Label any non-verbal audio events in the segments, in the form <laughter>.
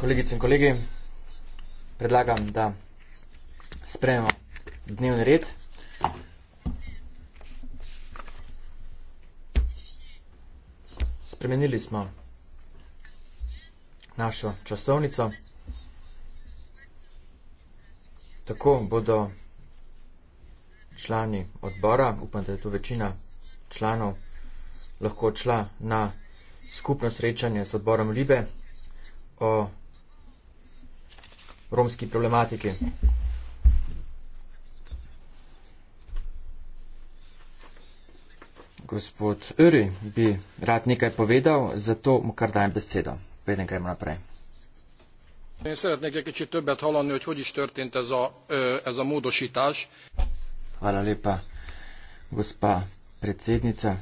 Kolegice in kolegi, predlagam, da sprejemo dnevni red. Spremenili smo našo časovnico. Tako bodo člani odbora, upam, da je to večina članov, lahko odšla na skupno srečanje z odborom Libe o romski problematiki. Gospod Uri bi rad nekaj povedal, zato mu kar dajem besedo. Vedem, kaj ima naprej. Én szeretnék egy kicsit többet hallani, hogy hogy is történt ez a, ez a módosítás. Hála lépa, gospa predsednica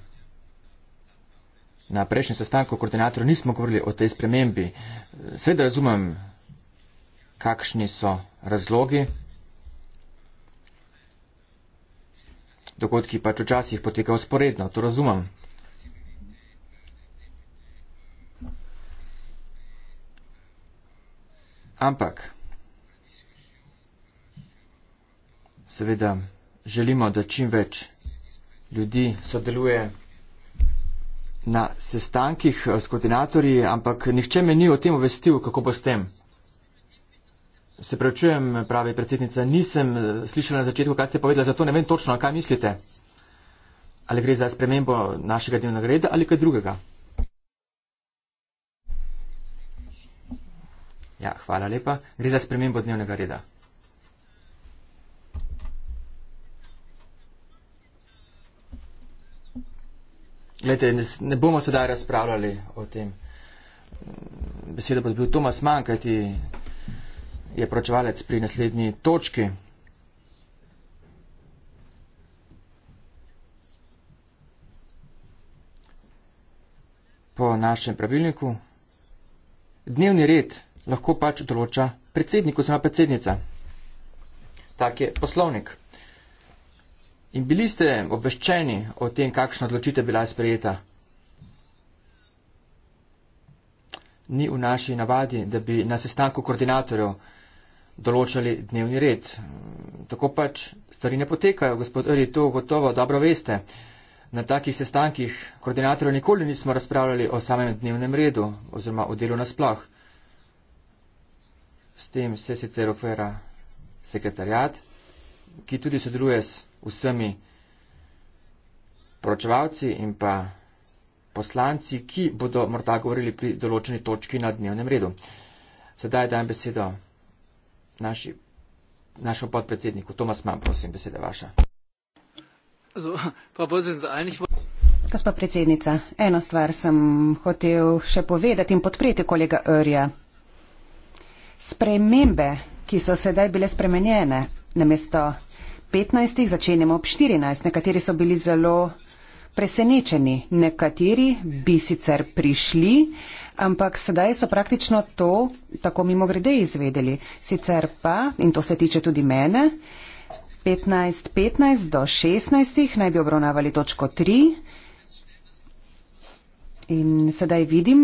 na prejšnjem sestanku koordinatorja nismo govorili o tej spremembi. Sveda razumem, kakšni so razlogi. Dogodki pač včasih potekajo sporedno, to razumem. Ampak, seveda, želimo, da čim več ljudi sodeluje na sestankih eh, s koordinatorji, ampak nihče me ni o tem obvestil, kako bo s tem. Se prevečujem, pravi predsednica, nisem eh, slišala na začetku, kaj ste povedali, zato ne vem točno, kaj mislite. Ali gre za spremembo našega dnevnega reda ali kaj drugega? Ja, hvala lepa. Gre za spremembo dnevnega reda. Glede, ne, ne bomo sedaj razpravljali o tem. Besedo pa je bil Tomas Mann, kajti je pročevalec pri naslednji točki. Po našem pravilniku. Dnevni red lahko pač določa predsednik oziroma predsednica. Tak je poslovnik. In bili ste obveščeni o tem, kakšna odločitev bila sprejeta? Ni v naši navadi, da bi na sestanku koordinatorjev določali dnevni red. Tako pač stvari ne potekajo, gospod Eri, to gotovo dobro veste. Na takih sestankih koordinatorjev nikoli nismo razpravljali o samem dnevnem redu oziroma o delu nasploh. S tem se sicer ofera sekretarjat, ki tudi sodeluje s vsemi pročevalci in pa poslanci, ki bodo morda govorili pri določeni točki na dnevnem redu. Sedaj dajem besedo naši, našemu podpredsedniku. Tomas Mann, prosim, beseda vaša. Gospa predsednica, eno stvar sem hotel še povedati in podpreti kolega Örja. Spremembe, ki so sedaj bile spremenjene, namesto 15, začenjamo ob 14. Nekateri so bili zelo presenečeni, nekateri bi sicer prišli, ampak sedaj so praktično to tako mimo grede izvedeli. Sicer pa, in to se tiče tudi mene, 15, 15 do 16 naj bi obravnavali točko 3. In sedaj vidim,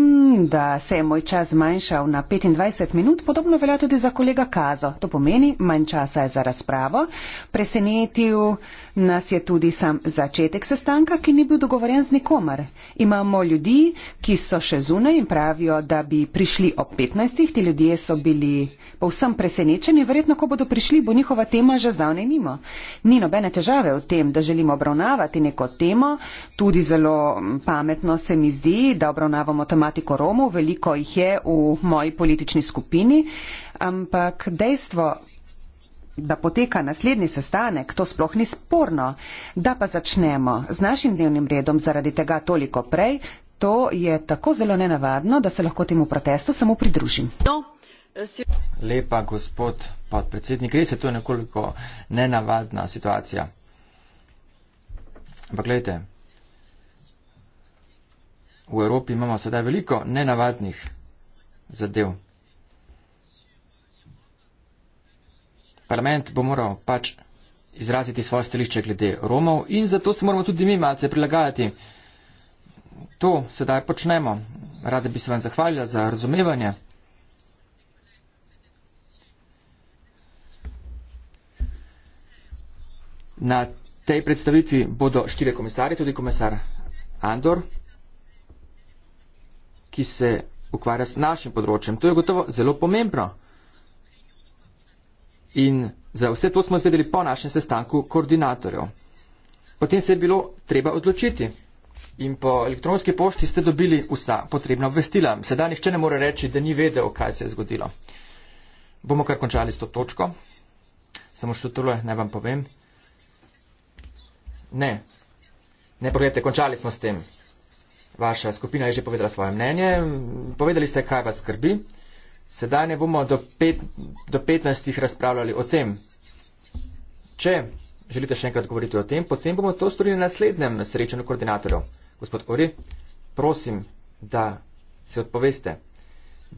da se je moj čas zmanjšal na 25 minut, podobno velja tudi za kolega Kazo. To pomeni, manj časa je za razpravo. Presenetil nas je tudi sam začetek sestanka, ki ni bil dogovorjen z nikomer. Imamo ljudi, ki so še zunaj in pravijo, da bi prišli ob 15. Ti ljudje so bili povsem presenečeni, verjetno, ko bodo prišli, bo njihova tema že zdavnaj mimo. Ni nobene težave v tem, da želimo obravnavati neko temo, tudi zelo pametno se mi zdi, da obravnavamo tematiko Romov, veliko jih je v moji politični skupini, ampak dejstvo, da poteka naslednji sestanek, to sploh ni sporno, da pa začnemo z našim dnevnim redom zaradi tega toliko prej, to je tako zelo nenavadno, da se lahko temu protestu samo pridružim. No, eh, Lepa, gospod podpredsednik, res je to nekoliko nenavadna situacija. Ampak gledajte, v Evropi imamo sedaj veliko nenavadnih zadev. parlament bo moral pač izraziti svoje stališče glede Romov in zato se moramo tudi mi malce prilagajati. To sedaj počnemo. Rade bi se vam zahvalila za razumevanje. Na tej predstavitvi bodo štiri komisarje, tudi komisar Andor, ki se ukvarja s našim področjem. To je gotovo zelo pomembno. In za vse to smo izvedeli po našem sestanku koordinatorjev. Potem se je bilo treba odločiti. In po elektronski pošti ste dobili vsa potrebna obvestila. Sedaj nihče ne more reči, da ni vedel, kaj se je zgodilo. Bomo kar končali s to točko. Samo še tole naj vam povem. Ne. Ne, pogledajte, končali smo s tem. Vaša skupina je že povedala svoje mnenje. Povedali ste, kaj vas skrbi. Sedaj ne bomo do, pet, do 15 razpravljali o tem. Če želite še enkrat govoriti o tem, potem bomo to storili na naslednjem srečanju koordinatorjev. Gospod Ori, prosim, da se odpoveste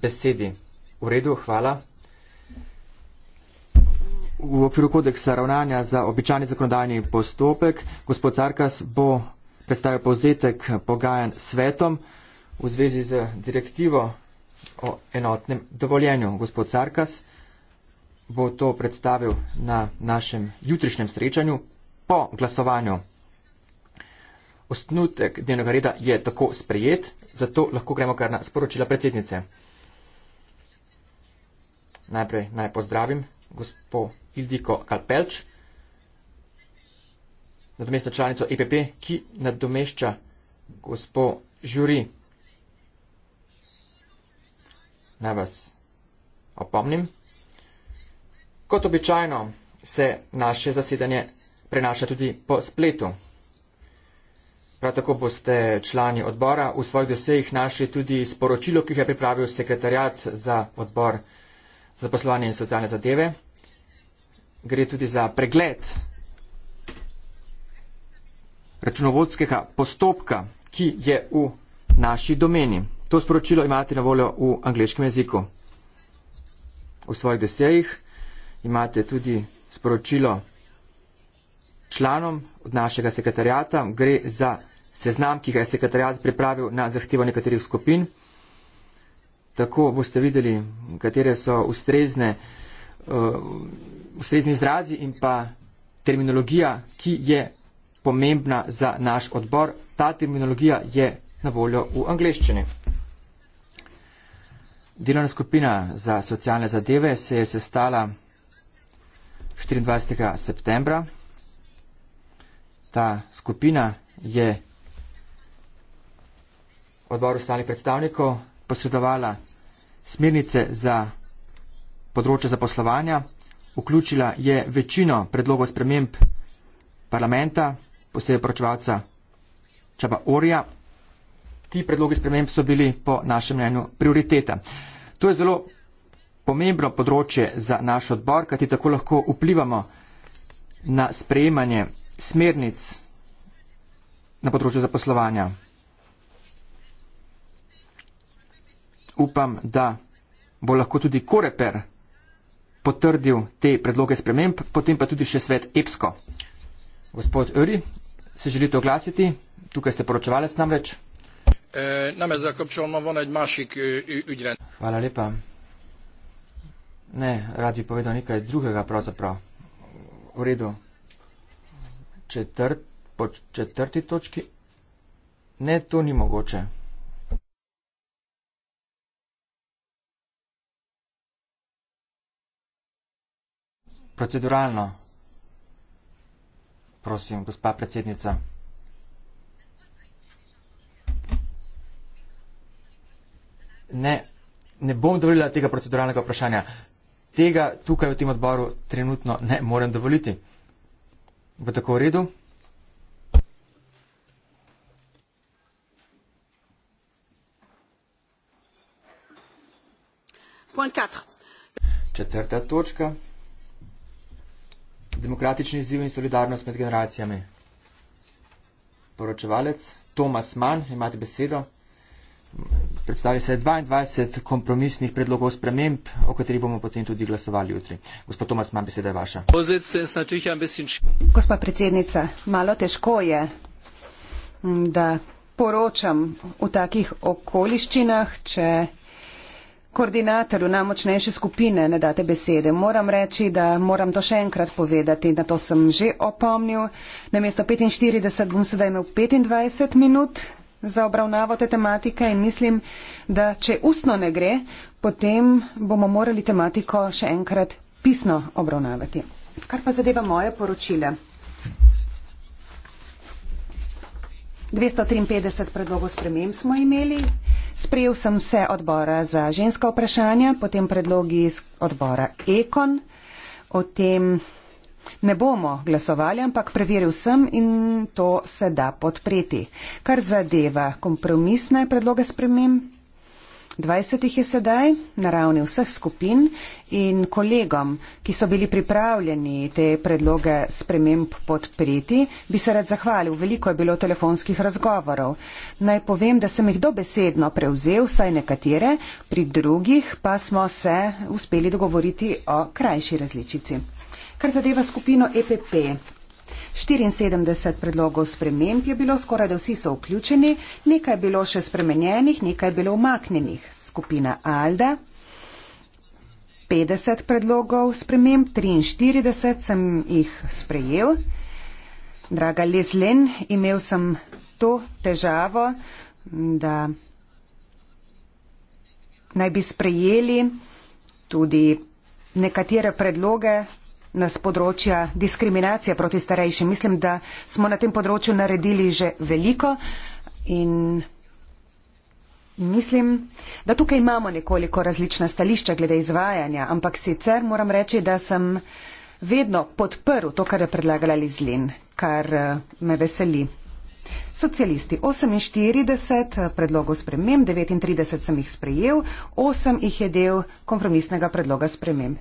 besedi. V redu, hvala. V okviru kodeksa ravnanja za običajni zakonodajni postopek gospod Carkas bo predstavil povzetek pogajanj svetom v zvezi z direktivo o enotnem dovoljenju. Gospod Sarkas bo to predstavil na našem jutrišnjem srečanju po glasovanju. Osnutek dnevnega reda je tako sprejet, zato lahko gremo kar na sporočila predsednice. Najprej naj pozdravim gospod Ildiko Kalpelč, nadomestno članico EPP, ki nadomešča gospod Žuri naj vas opomnim. Kot običajno se naše zasedanje prenaša tudi po spletu. Prav tako boste člani odbora v svojih dosejih našli tudi sporočilo, ki jih je pripravil sekretarjat za odbor za poslovanje in socialne zadeve. Gre tudi za pregled računovodskega postopka, ki je v naši domeni. To sporočilo imate na voljo v angliškem jeziku. V svojih desejih imate tudi sporočilo članom od našega sekretarjata. Gre za seznam, ki ga je sekretarjat pripravil na zahtevo nekaterih skupin. Tako boste videli, katere so ustrezne, uh, ustrezni izrazi in pa terminologija, ki je pomembna za naš odbor. Ta terminologija je na voljo v angleščini. Delovna skupina za socialne zadeve se je sestala 24. septembra. Ta skupina je odboru stalnih predstavnikov posredovala smernice za področje zaposlovanja, vključila je večino predlogov sprememb parlamenta, posebej poročevalca Čaba Orja, ti predlogi sprememb so bili po našem mnenju prioriteta. To je zelo pomembno področje za naš odbor, kajti tako lahko vplivamo na sprejemanje smernic na področju zaposlovanja. Upam, da bo lahko tudi Koreper potrdil te predloge sprememb, potem pa tudi še svet EPSCO. Gospod Öri, se želite oglasiti? Tukaj ste poročevalec namreč. Nem ezzel kapcsolatban van egy másik ügyrend. Hvala lepa. Ne, rád bi povedal nekaj drugega pravzaprav. V redu. Četrt, po četrti točki. Ne, to ni mogoče. Proceduralno. Prosim, gospa predsednica. ne, ne bom dovolila tega proceduralnega vprašanja. Tega tukaj v tem odboru trenutno ne morem dovoliti. Bo tako v redu? Četrta točka. Demokratični izziv in solidarnost med generacijami. Poročevalec Tomas Mann, imate besedo predstavi se 22 kompromisnih predlogov sprememb, o katerih bomo potem tudi glasovali jutri. Gospod Tomas, ima beseda vaša. Gospa predsednica, malo težko je, mm, da poročam v takih okoliščinah, če koordinatorju najmočnejše skupine ne date besede. Moram reči, da moram to še enkrat povedati, na to sem že opomnil. Namesto 45 bom sedaj imel 25 minut za obravnavo te tematike in mislim, da če ustno ne gre, potem bomo morali tematiko še enkrat pisno obravnavati. Kar pa zadeva moje poročile. 253 predlogov sprememb smo imeli. Sprejel sem vse odbora za ženska vprašanja, potem predlogi iz odbora Ekon, o tem Ne bomo glasovali, ampak preveril sem in to se da podpreti. Kar zadeva kompromisne predloge spremem, 20 jih je sedaj na ravni vseh skupin in kolegom, ki so bili pripravljeni te predloge sprememb podpreti, bi se rad zahvalil. Veliko je bilo telefonskih razgovorov. Naj povem, da sem jih dobesedno prevzel, saj nekatere, pri drugih pa smo se uspeli dogovoriti o krajši različici. Kar zadeva skupino EPP. 74 predlogov sprememb je bilo, skoraj da vsi so vključeni, nekaj je bilo še spremenjenih, nekaj je bilo umaknjenih. Skupina ALDE. 50 predlogov sprememb, 43 sem jih sprejel. Draga Leslin, imel sem to težavo, da naj bi sprejeli tudi nekatere predloge, nas področja diskriminacije proti starejšim. Mislim, da smo na tem področju naredili že veliko in mislim, da tukaj imamo nekoliko različna stališča glede izvajanja, ampak sicer moram reči, da sem vedno podprl to, kar je predlagala Lizlin, kar eh, me veseli. Socialisti 48 eh, predlogov sprememb, 39 sem jih sprejel, 8 jih je del kompromisnega predloga sprememb.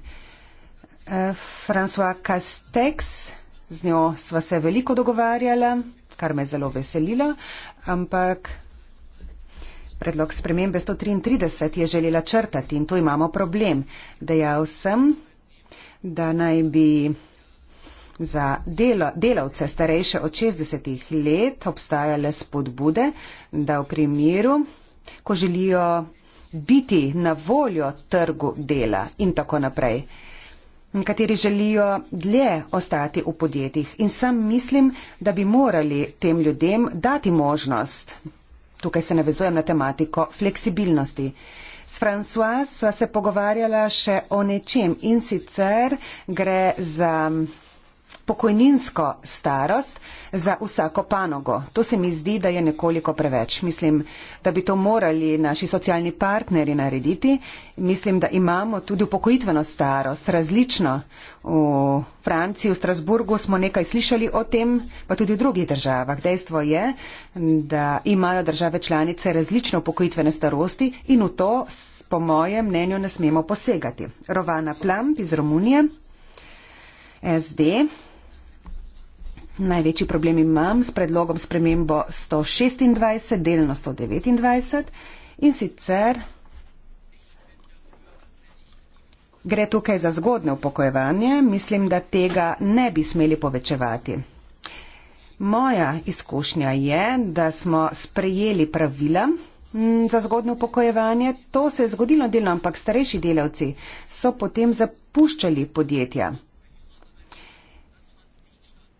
Eh, François Castex, z njo sva se veliko dogovarjala, kar me je zelo veselilo, ampak predlog spremembe 133 je želela črtati in tu imamo problem. Dejal sem, da naj bi za delo, delavce starejše od 60 let obstajale spodbude, da v primeru, ko želijo biti na voljo trgu dela in tako naprej kateri želijo dlje ostati v podjetjih. In sam mislim, da bi morali tem ljudem dati možnost. Tukaj se navezujem na tematiko fleksibilnosti. S François sva se pogovarjala še o nečem in sicer gre za pokojninsko starost za vsako panogo. To se mi zdi, da je nekoliko preveč. Mislim, da bi to morali naši socialni partneri narediti. Mislim, da imamo tudi upokojitveno starost različno. V Franciji, v Strasburgu smo nekaj slišali o tem, pa tudi v drugih državah. Dejstvo je, da imajo države članice različne upokojitvene starosti in v to, po mojem mnenju, ne smemo posegati. Rovana Plamp iz Romunije. SD. Največji problem imam s predlogom spremembo 126, delno 129 in sicer. Gre tukaj za zgodne upokojevanje, mislim, da tega ne bi smeli povečevati. Moja izkušnja je, da smo sprejeli pravila mm, za zgodne upokojevanje. To se je zgodilo delno, ampak starejši delavci so potem zapuščali podjetja.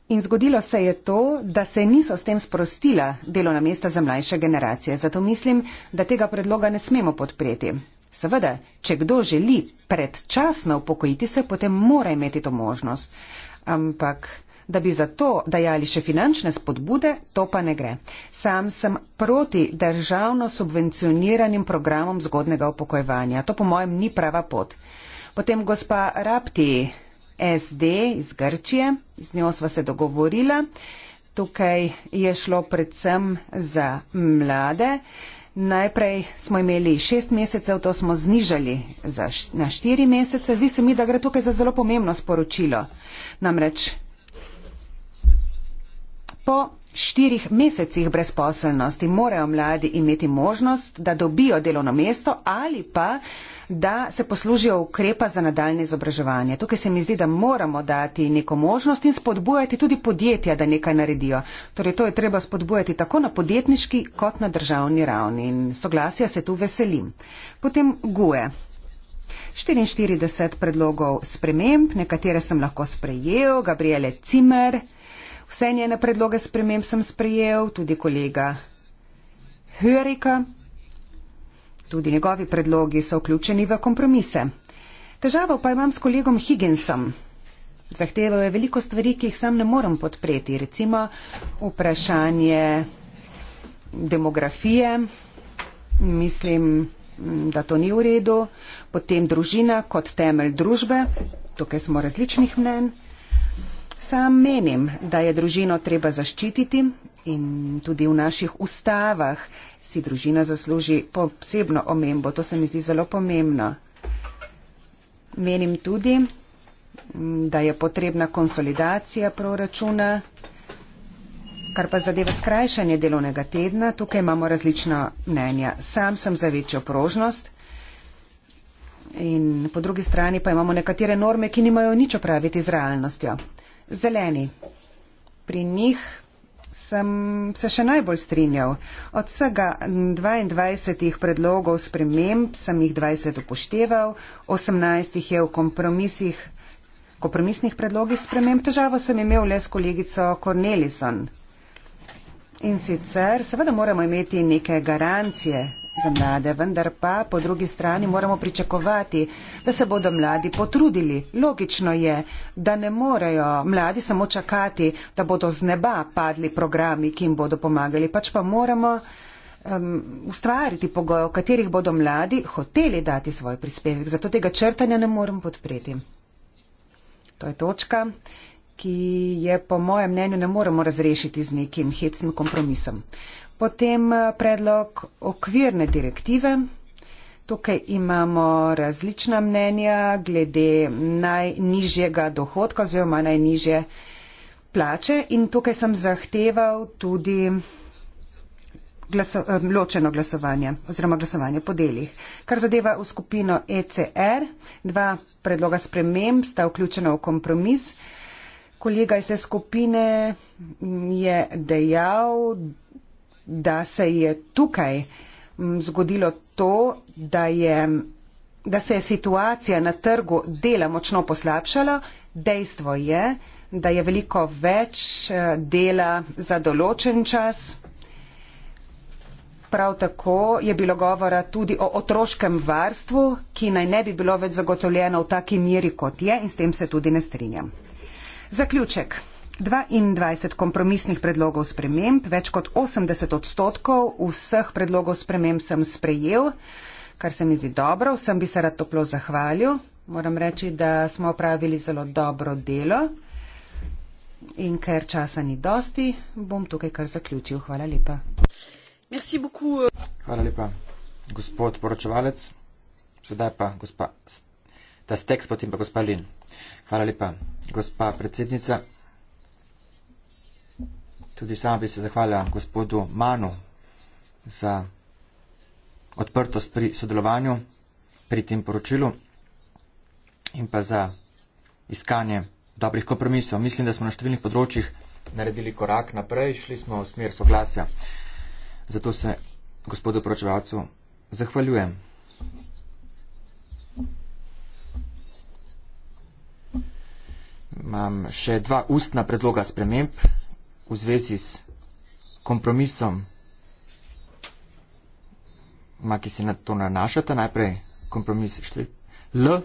In zgodilo se je to, da se niso s tem sprostila delovna mesta za mlajše generacije. Zato mislim, da tega predloga ne smemo podpreti. Seveda, če kdo želi predčasno upokojiti se, potem mora imeti to možnost. Ampak, da bi za to dajali še finančne spodbude, to pa ne gre. Sam sem proti državno subvencioniranim programom zgodnega upokojevanja. To po mojem ni prava pot. Potem gospa Rapti, SD iz Grčije, z njo sva se dogovorila. Tukaj je šlo predvsem za mlade. Najprej smo imeli šest mesecev, to smo znižali na štiri mesece. Zdi se mi, da gre tukaj za zelo pomembno sporočilo. Namreč Po štirih mesecih brezposelnosti morajo mladi imeti možnost, da dobijo delovno mesto ali pa, da se poslužijo ukrepa za nadaljne izobraževanje. Tukaj se mi zdi, da moramo dati neko možnost in spodbujati tudi podjetja, da nekaj naredijo. Torej, to je treba spodbujati tako na podjetniški kot na državni ravni in soglasja se tu veselim. Potem guje. 44 predlogov sprememb, nekatere sem lahko sprejel, Gabriele Cimer. Vse njene predloge sprememb sem sprejel, tudi kolega Hörika. Tudi njegovi predlogi so vključeni v kompromise. Težavo pa imam s kolegom Higginsom. Zahteval je veliko stvari, ki jih sam ne morem podpreti. Recimo vprašanje demografije. Mislim, da to ni v redu. Potem družina kot temelj družbe. Tukaj smo različnih mnen. Sam menim, da je družino treba zaščititi in tudi v naših ustavah si družina zasluži posebno omembo. To se mi zdi zelo pomembno. Menim tudi, da je potrebna konsolidacija proračuna, kar pa zadeva skrajšanje delovnega tedna. Tukaj imamo različna mnenja. Sam sem za večjo prožnost. In po drugi strani pa imamo nekatere norme, ki nimajo nič opraviti z realnostjo zeleni. Pri njih sem se še najbolj strinjal. Od vsega 22 predlogov sprememb sem jih 20 upošteval, 18 jih je v kompromisih, kompromisnih predlogih sprememb. Težavo sem imel le s kolegico Cornelison. In sicer seveda moramo imeti neke garancije za mlade, vendar pa po drugi strani moramo pričakovati, da se bodo mladi potrudili. Logično je, da ne morejo mladi samo čakati, da bodo z neba padli programi, ki jim bodo pomagali, pač pa moramo um, ustvariti pogoje, v katerih bodo mladi hoteli dati svoj prispevek. Zato tega črtanja ne morem podpreti. To je točka, ki je po mojem mnenju ne moremo razrešiti z nekim hecnim kompromisom. Potem eh, predlog okvirne direktive. Tukaj imamo različna mnenja glede najnižjega dohodka oziroma najnižje plače in tukaj sem zahteval tudi glaso, eh, ločeno glasovanje oziroma glasovanje po delih. Kar zadeva v skupino ECR, dva predloga sprememb sta vključena v kompromis. Kolega iz te skupine je dejal, da se je tukaj mm, zgodilo to, da, je, da se je situacija na trgu dela močno poslabšala. Dejstvo je, da je veliko več eh, dela za določen čas. Prav tako je bilo govora tudi o otroškem varstvu, ki naj ne bi bilo več zagotovljeno v taki miri, kot je, in s tem se tudi ne strinjam. Zaključek. 22 kompromisnih predlogov sprememb, več kot 80 odstotkov vseh predlogov sprememb sem sprejel, kar se mi zdi dobro, vsem bi se rad toplo zahvalil. Moram reči, da smo opravili zelo dobro delo in ker časa ni dosti, bom tukaj kar zaključil. Hvala lepa. Hvala lepa, gospod poročevalec. Sedaj pa gospa Stex, potem pa gospa Lin. Hvala lepa, gospa predsednica. Tudi sam bi se zahvalila gospodu Manu za odprtost pri sodelovanju pri tem poročilu in pa za iskanje dobrih kompromisov. Mislim, da smo na številnih področjih naredili korak naprej, šli smo v smer soglasja. Zato se gospodu poročevalcu zahvaljujem. Imam še dva ustna predloga sprememb v zvezi s kompromisom, ma, ki se na to nanašata, najprej kompromis številk L.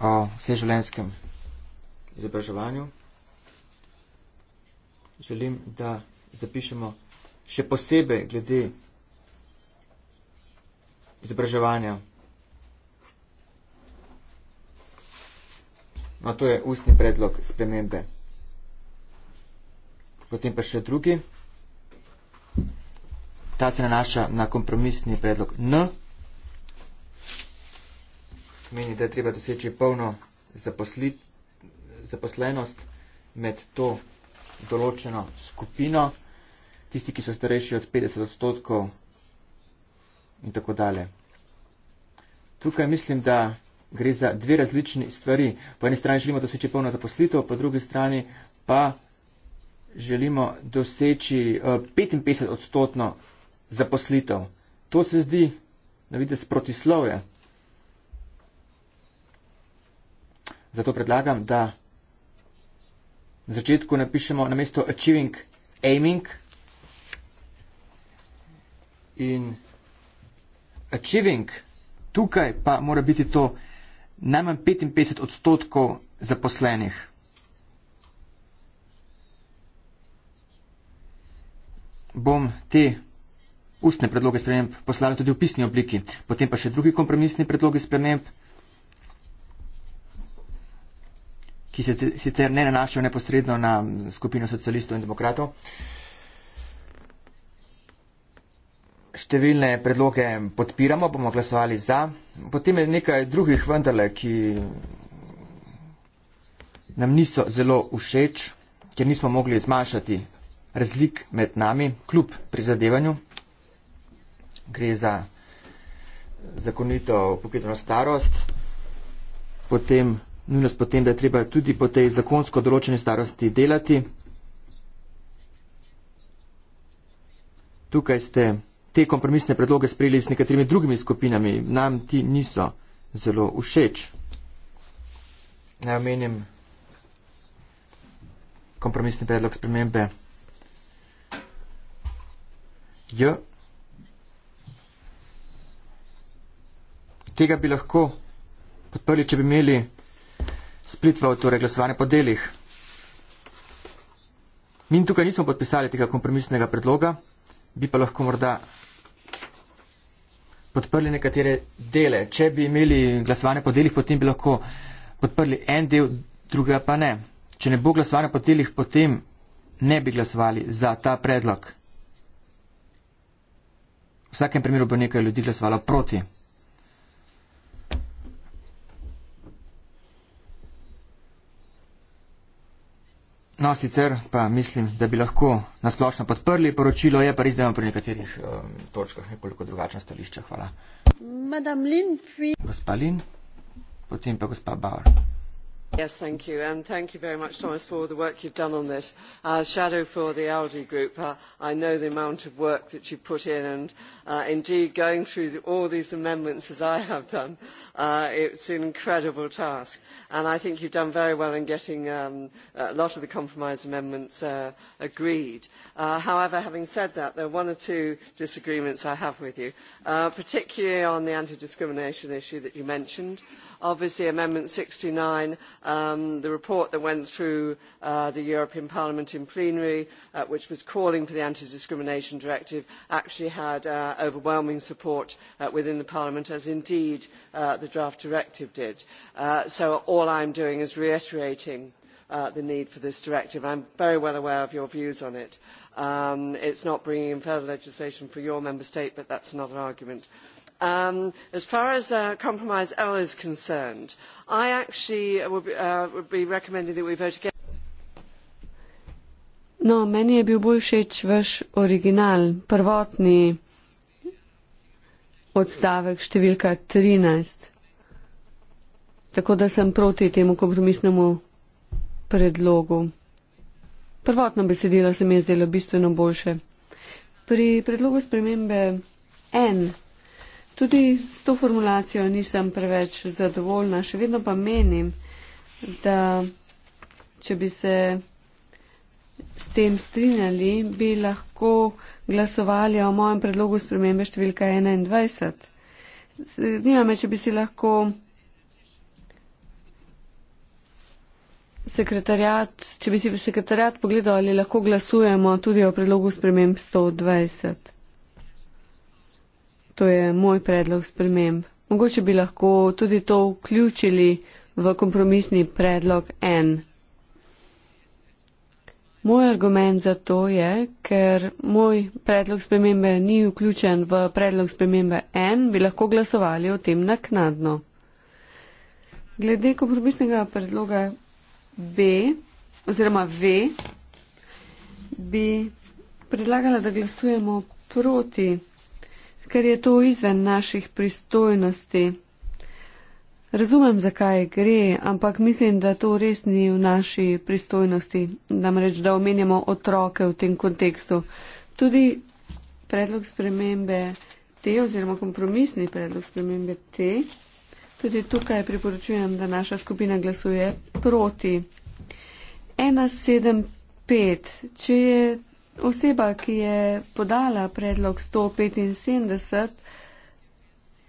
o vseživljenjskem izobraževanju. Želim, da zapišemo še posebej glede izobraževanja No, to je ustni predlog spremembe. Potem pa še drugi. Ta se nanaša na kompromisni predlog N. Meni, da je treba doseči polno zaposlenost med to določeno skupino, tisti, ki so starejši od 50 odstotkov in tako dalje. Tukaj mislim, da gre za dve različni stvari. Po eni strani želimo doseči polno zaposlitev, po drugi strani pa želimo doseči 55 eh, odstotno zaposlitev. To se zdi, da vidite, sprotislove. Zato predlagam, da na začetku napišemo na mesto achieving, aiming in achieving. Tukaj pa mora biti to najmanj 55 odstotkov zaposlenih. Bom te ustne predloge sprememb poslala tudi v pisni obliki, potem pa še drugi kompromisni predlogi sprememb, ki se sicer ne nanašajo neposredno na skupino socialistov in demokratov. številne predloge podpiramo, bomo glasovali za. Potem je nekaj drugih vendarle, ki nam niso zelo všeč, ker nismo mogli zmanjšati razlik med nami, kljub prizadevanju. Gre za zakonito upokojeno starost, potem nujnost potem, da je treba tudi po tej zakonsko določeni starosti delati. Tukaj ste te kompromisne predloge sprejeli s nekaterimi drugimi skupinami, nam ti niso zelo všeč. Naj omenim kompromisni predlog spremembe J. Tega bi lahko podprli, če bi imeli splitva v torej glasovanje po delih. Mi tukaj nismo podpisali tega kompromisnega predloga, bi pa lahko morda podprli nekatere dele. Če bi imeli glasovanje po delih, potem bi lahko podprli en del, drugega pa ne. Če ne bo glasovanja po delih, potem ne bi glasovali za ta predlog. V vsakem primeru bo nekaj ljudi glasovalo proti. No, sicer pa mislim, da bi lahko nasplošno podprli poročilo, je pa res, da imamo pri nekaterih um, točkah nekoliko drugačna stališča. Hvala. Madam Lin, vi. Gospa Lin, potem pa gospa Bauer. Yes, thank you. And thank you very much, Thomas, for the work you've done on this. Uh, Shadow for the Aldi Group, uh, I know the amount of work that you put in, and uh, indeed going through the, all these amendments as I have done, uh, it's an incredible task. And I think you've done very well in getting um, a lot of the compromise amendments uh, agreed. Uh, however, having said that, there are one or two disagreements I have with you, uh, particularly on the anti-discrimination issue that you mentioned obviously Amendment 69, um, the report that went through uh, the European Parliament in plenary, uh, which was calling for the Anti-Discrimination Directive, actually had uh, overwhelming support uh, within the Parliament, as indeed uh, the draft directive did. Uh, so all I'm doing is reiterating uh, the need for this directive. I'm very well aware of your views on it. Um, it's not bringing in further legislation for your member state, but that's another argument. Um, as far as uh, compromise L is concerned, I actually would be, uh, would be recommending that we vote again. No, meni je bil bolj všeč vaš original, prvotni odstavek številka 13. Tako da sem proti temu kompromisnemu predlogu. Prvotno besedilo se mi je zdelo bistveno boljše. Pri predlogu spremembe N. Tudi s to formulacijo nisem preveč zadovoljna, še vedno pa menim, da če bi se s tem strinjali, bi lahko glasovali o mojem predlogu spremembe številka 21. Zanima me, če bi si lahko sekretarjat, če bi si sekretarjat pogledal, ali lahko glasujemo tudi o predlogu sprememb 120. To je moj predlog sprememb. Mogoče bi lahko tudi to vključili v kompromisni predlog N. Moj argument za to je, ker moj predlog spremembe ni vključen v predlog spremembe N, bi lahko glasovali o tem naknadno. Glede kompromisnega predloga B oziroma V, bi predlagala, da glasujemo proti ker je to izven naših pristojnosti. Razumem, zakaj gre, ampak mislim, da to res ni v naši pristojnosti, namreč da omenjamo otroke v tem kontekstu. Tudi predlog spremembe te oziroma kompromisni predlog spremembe te, tudi tukaj priporočujem, da naša skupina glasuje proti. 1,75. Če je oseba, ki je podala predlog 175,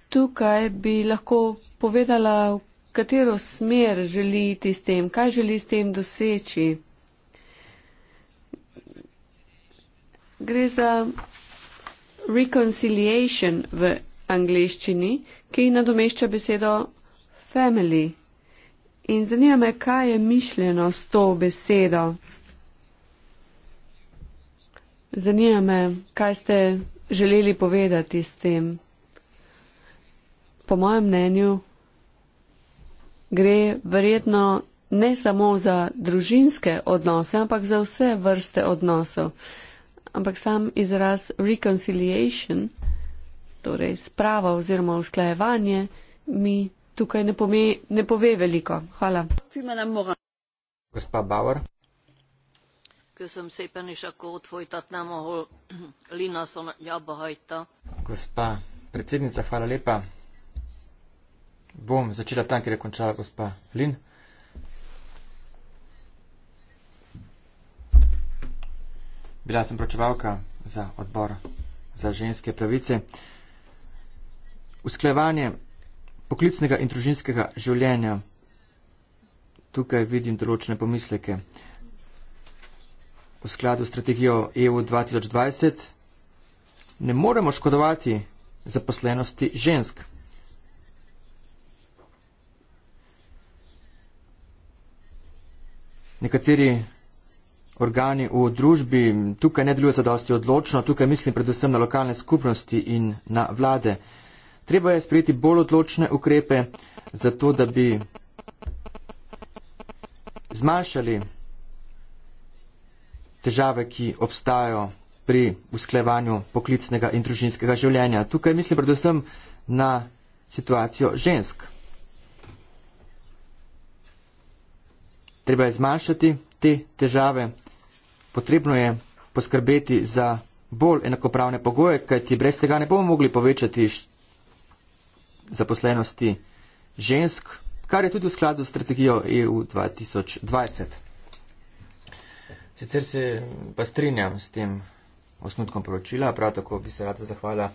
tukaj bi lahko povedala, v katero smer želi s tem, kaj želi s tem doseči. Gre za reconciliation v angliščini, ki nadomešča besedo family. In zanima me, kaj je mišljeno s to besedo. Zanima me, kaj ste želeli povedati s tem. Po mojem mnenju gre verjetno ne samo za družinske odnose, ampak za vse vrste odnosov. Ampak sam izraz reconciliation, torej sprava oziroma usklajevanje, mi tukaj ne, pome, ne pove veliko. Hvala. Gospa Bauer köszönöm szépen, és akkor ott folytatnám, ahol <clears throat> Lina abba hagyta. Gospa, predsednica, hvala lepa. Bom začela tam, kjer je končala gospa Lin. Bila sem pročevalka za odbor za ženske pravice. Usklajevanje poklicnega in družinskega življenja. Tukaj vidim določene pomisleke v skladu s strategijo EU 2020 ne moremo škodovati zaposlenosti žensk. Nekateri organi v družbi tukaj ne delujejo zadosti odločno, tukaj mislim predvsem na lokalne skupnosti in na vlade. Treba je sprejeti bolj odločne ukrepe, zato da bi zmanjšali težave, ki obstajajo pri usklevanju poklicnega in družinskega življenja. Tukaj mislim predvsem na situacijo žensk. Treba je zmanjšati te težave, potrebno je poskrbeti za bolj enakopravne pogoje, kajti brez tega ne bomo mogli povečati zaposlenosti žensk, kar je tudi v skladu s strategijo EU 2020. Sicer se pa strinjam s tem osnutkom poročila, prav tako bi se rada zahvala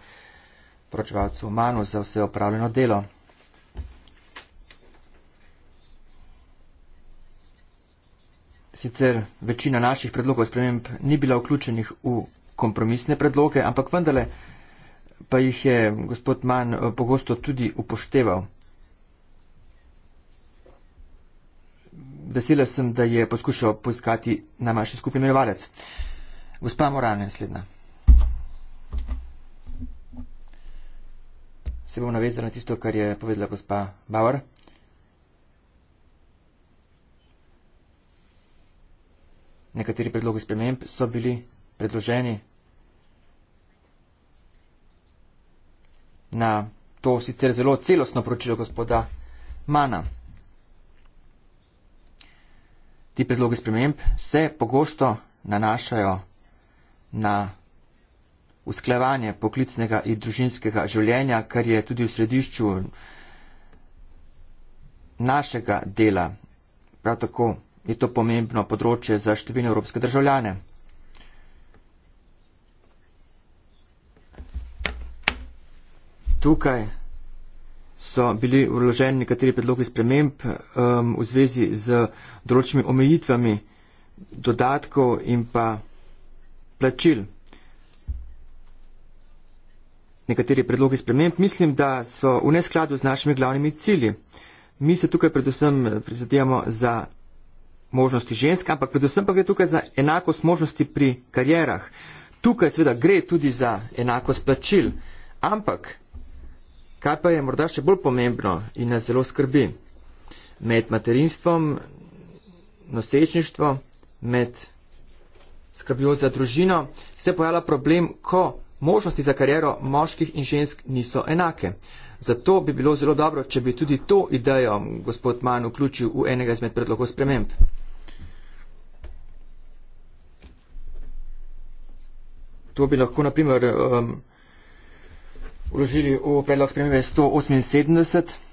poročevalcu Manu za vse opravljeno delo. Sicer večina naših predlogov sprememb ni bila vključenih v kompromisne predloge, ampak vendarle pa jih je gospod Mann eh, pogosto tudi upošteval. vesela sem, da je poskušal poiskati najmanjši skupni imenovalec. Gospa Morano je naslednja. Se bom navezal na tisto, kar je povedala gospa Bauer. Nekateri predlogi sprememb so bili predloženi na to sicer zelo celostno poročilo gospoda Mana ti predlogi sprememb se pogosto nanašajo na usklevanje poklicnega in družinskega življenja, kar je tudi v središču našega dela. Prav tako je to pomembno področje za številne evropske državljane. Tukaj so bili vloženi nekateri predlogi sprememb um, v zvezi z določimi omejitvami dodatkov in pa plačil. Nekateri predlogi sprememb mislim, da so v neskladu z našimi glavnimi cilji. Mi se tukaj predvsem prizadijamo za možnosti žensk, ampak predvsem pa gre tukaj za enakost možnosti pri karjerah. Tukaj seveda gre tudi za enakost plačil, ampak Kaj pa je morda še bolj pomembno in nas zelo skrbi? Med materinstvom, nosečništvo, med skrbjo za družino se pojavlja problem, ko možnosti za kariero moških in žensk niso enake. Zato bi bilo zelo dobro, če bi tudi to idejo gospod Mann vključil v enega izmed predlogov sprememb. To bi lahko naprimer um, vložili v predlog spremembe 178.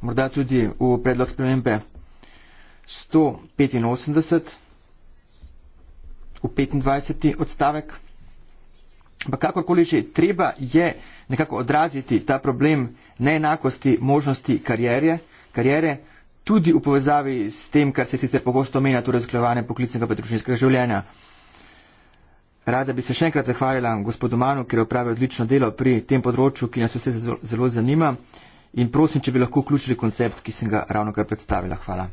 Morda tudi v predlog spremembe 185 v 25. odstavek. Pa kakorkoli že, treba je nekako odraziti ta problem neenakosti možnosti karijere, karijere tudi v povezavi s tem, kar se sicer pogosto omenja, torej zaključovanje poklicnega in družinskega življenja. Rada bi se še enkrat zahvalila gospodu Manu, ker je opravil odlično delo pri tem področju, ki nas vse zelo, zelo zanima. In prosim, če bi lahko vključili koncept, ki sem ga ravno kar predstavila. Hvala.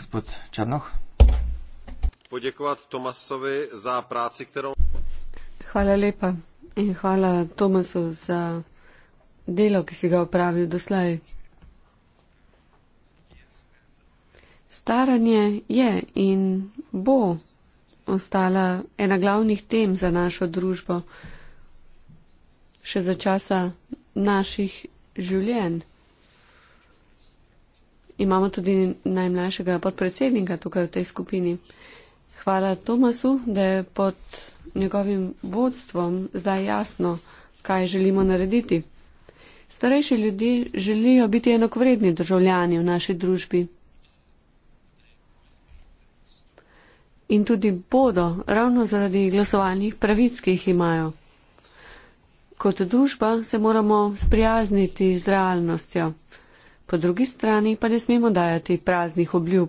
Gospod Črnoh. Podjekovati Tomasovi za praci, ktero. Hvala lepa in hvala Tomasu za delo, ki si ga opravil doslej. Staranje je in bo ostala ena glavnih tem za našo družbo, še za časa naših življenj. Imamo tudi najmlajšega podpredsednika tukaj v tej skupini. Hvala Tomasu, da je pod njegovim vodstvom zdaj jasno, kaj želimo narediti. Starejši ljudje želijo biti enakovredni državljani v naši družbi. in tudi bodo ravno zaradi glasovalnih pravic, ki jih imajo. Kot družba se moramo sprijazniti z realnostjo, po drugi strani pa ne smemo dajati praznih obljub.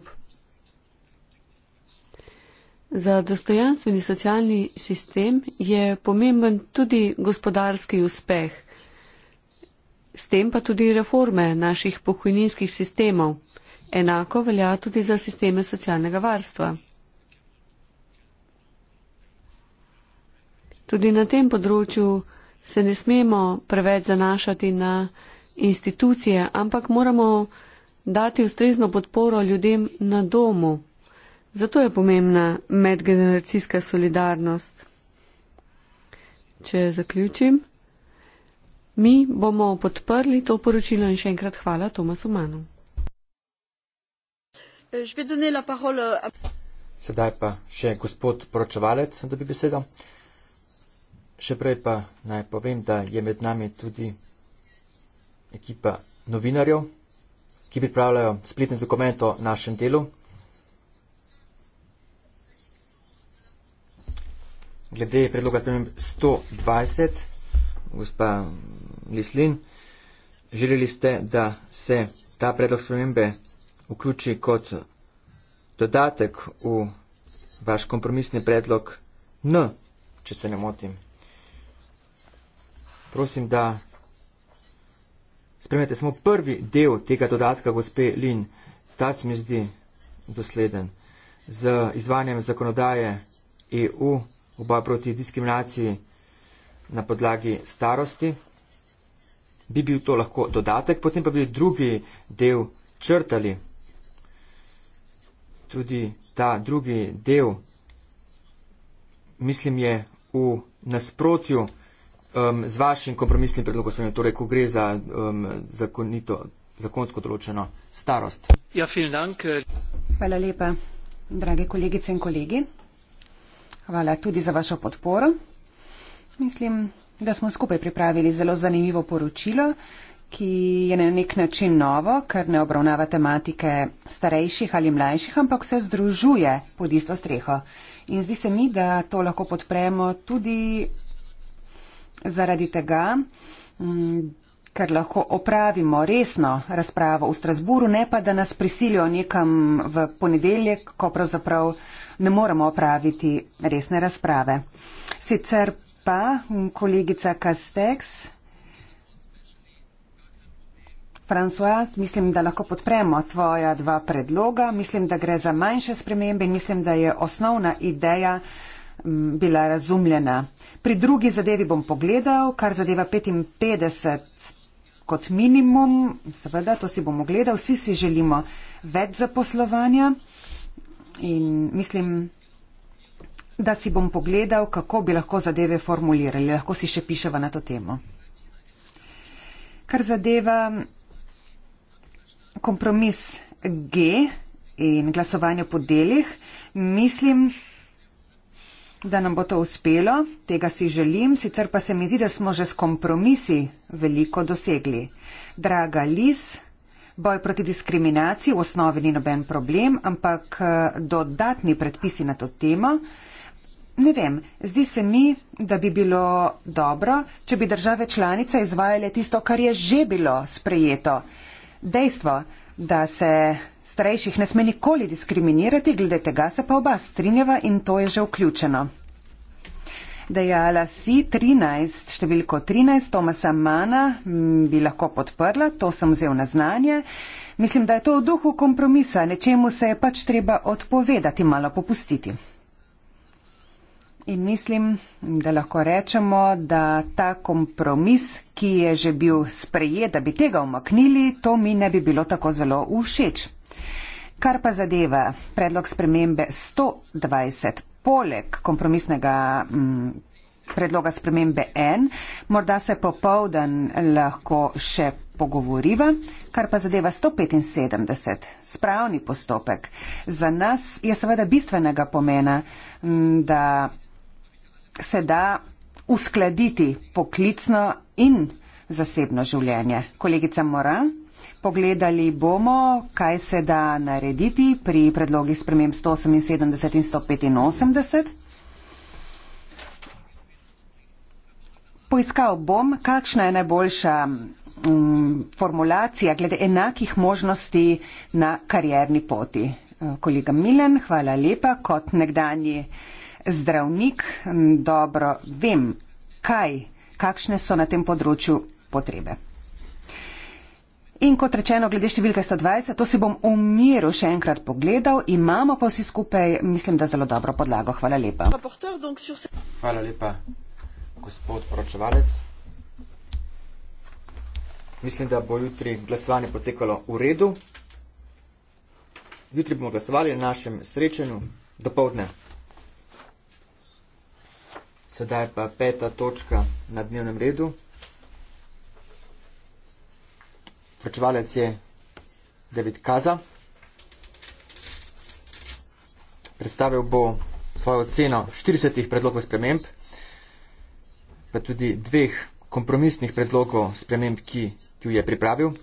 Za dostojanstveni socialni sistem je pomemben tudi gospodarski uspeh, s tem pa tudi reforme naših pokojninskih sistemov. Enako velja tudi za sisteme socialnega varstva. Tudi na tem področju se ne smemo preveč zanašati na institucije, ampak moramo dati ustrezno podporo ljudem na domu. Zato je pomembna medgeneracijska solidarnost. Če zaključim, mi bomo podprli to poročilo in še enkrat hvala Tomasu Manu. Sedaj pa še gospod poročevalec dobi besedo. Še prej pa naj povem, da je med nami tudi ekipa novinarjev, ki pripravljajo spletni dokument o našem delu. Glede predloga spremem 120, gospa Lislin, želeli ste, da se ta predlog spremembe vključi kot dodatek v vaš kompromisni predlog N, če se ne motim prosim, da spremete samo prvi del tega dodatka, gospe Lin. Ta se mi zdi dosleden. Z izvanjem zakonodaje EU oba proti diskriminaciji na podlagi starosti bi bil to lahko dodatek, potem pa bi drugi del črtali. Tudi ta drugi del, mislim, je v nasprotju um, z vašim kompromisnim predlogom, torej, ko gre za um, zakonito, zakonsko določeno starost. Ja, dank. Hvala lepa, drage kolegice in kolegi. Hvala tudi za vašo podporo. Mislim, da smo skupaj pripravili zelo zanimivo poročilo, ki je na nek način novo, ker ne obravnava tematike starejših ali mlajših, ampak se združuje pod isto streho. In zdi se mi, da to lahko podpremo tudi zaradi tega, mm, ker lahko opravimo resno razpravo v Strasburu, ne pa da nas prisilijo nekam v ponedeljek, ko pravzaprav ne moremo opraviti resne razprave. Sicer pa mm, kolegica Kasteks, François, mislim, da lahko podpremo tvoja dva predloga. Mislim, da gre za manjše spremembe in mislim, da je osnovna ideja bila razumljena. Pri drugi zadevi bom pogledal, kar zadeva 55 kot minimum. Seveda, to si bom ogledal. Vsi si želimo več zaposlovanja in mislim, da si bom pogledal, kako bi lahko zadeve formulirali. Lahko si še piševa na to temo. Kar zadeva kompromis G in glasovanje po delih, mislim, da nam bo to uspelo, tega si želim, sicer pa se mi zdi, da smo že s kompromisi veliko dosegli. Draga Lis, boj proti diskriminaciji v osnovi ni noben problem, ampak dodatni predpisi na to temo. Ne vem, zdi se mi, da bi bilo dobro, če bi države članice izvajale tisto, kar je že bilo sprejeto. Dejstvo, da se Starejših ne sme nikoli diskriminirati, glede tega se pa oba strinjava in to je že vključeno. Dejala si 13, številko 13, Tomasa Mana bi lahko podprla, to sem vzel na znanje. Mislim, da je to v duhu kompromisa, nečemu se je pač treba odpovedati, malo popustiti. In mislim, da lahko rečemo, da ta kompromis, ki je že bil sprejet, da bi tega omaknili, to mi ne bi bilo tako zelo všeč. Kar pa zadeva predlog spremembe 120 poleg kompromisnega m, mm, predloga spremembe 1, morda se popovdan lahko še pogovoriva, kar pa zadeva 175, spravni postopek. Za nas je seveda bistvenega pomena, mm, da se da uskladiti poklicno in zasebno življenje. Kolegica Moran. Pogledali bomo, kaj se da narediti pri predlogih spremem 178 in 185. Poiskal bom, kakšna je najboljša um, formulacija glede enakih možnosti na karjerni poti. Kolega Milen, hvala lepa. Kot nekdani zdravnik dobro vem, kaj, kakšne so na tem področju potrebe. In kot rečeno, glede številke 120, to si bom v miru še enkrat pogledal, imamo pa vsi skupaj, mislim, da zelo dobro podlago. Hvala lepa. Hvala lepa, gospod poročevalec. Mislim, da bo jutri glasovanje potekalo v redu. Jutri bomo glasovali na našem srečanju do povdne. Sedaj pa peta točka na dnevnem redu. Plačevalec je David Kaza. Predstavil bo svojo oceno 40 predlogov sprememb, pa tudi dveh kompromisnih predlogov sprememb, ki, ki ju je pripravil.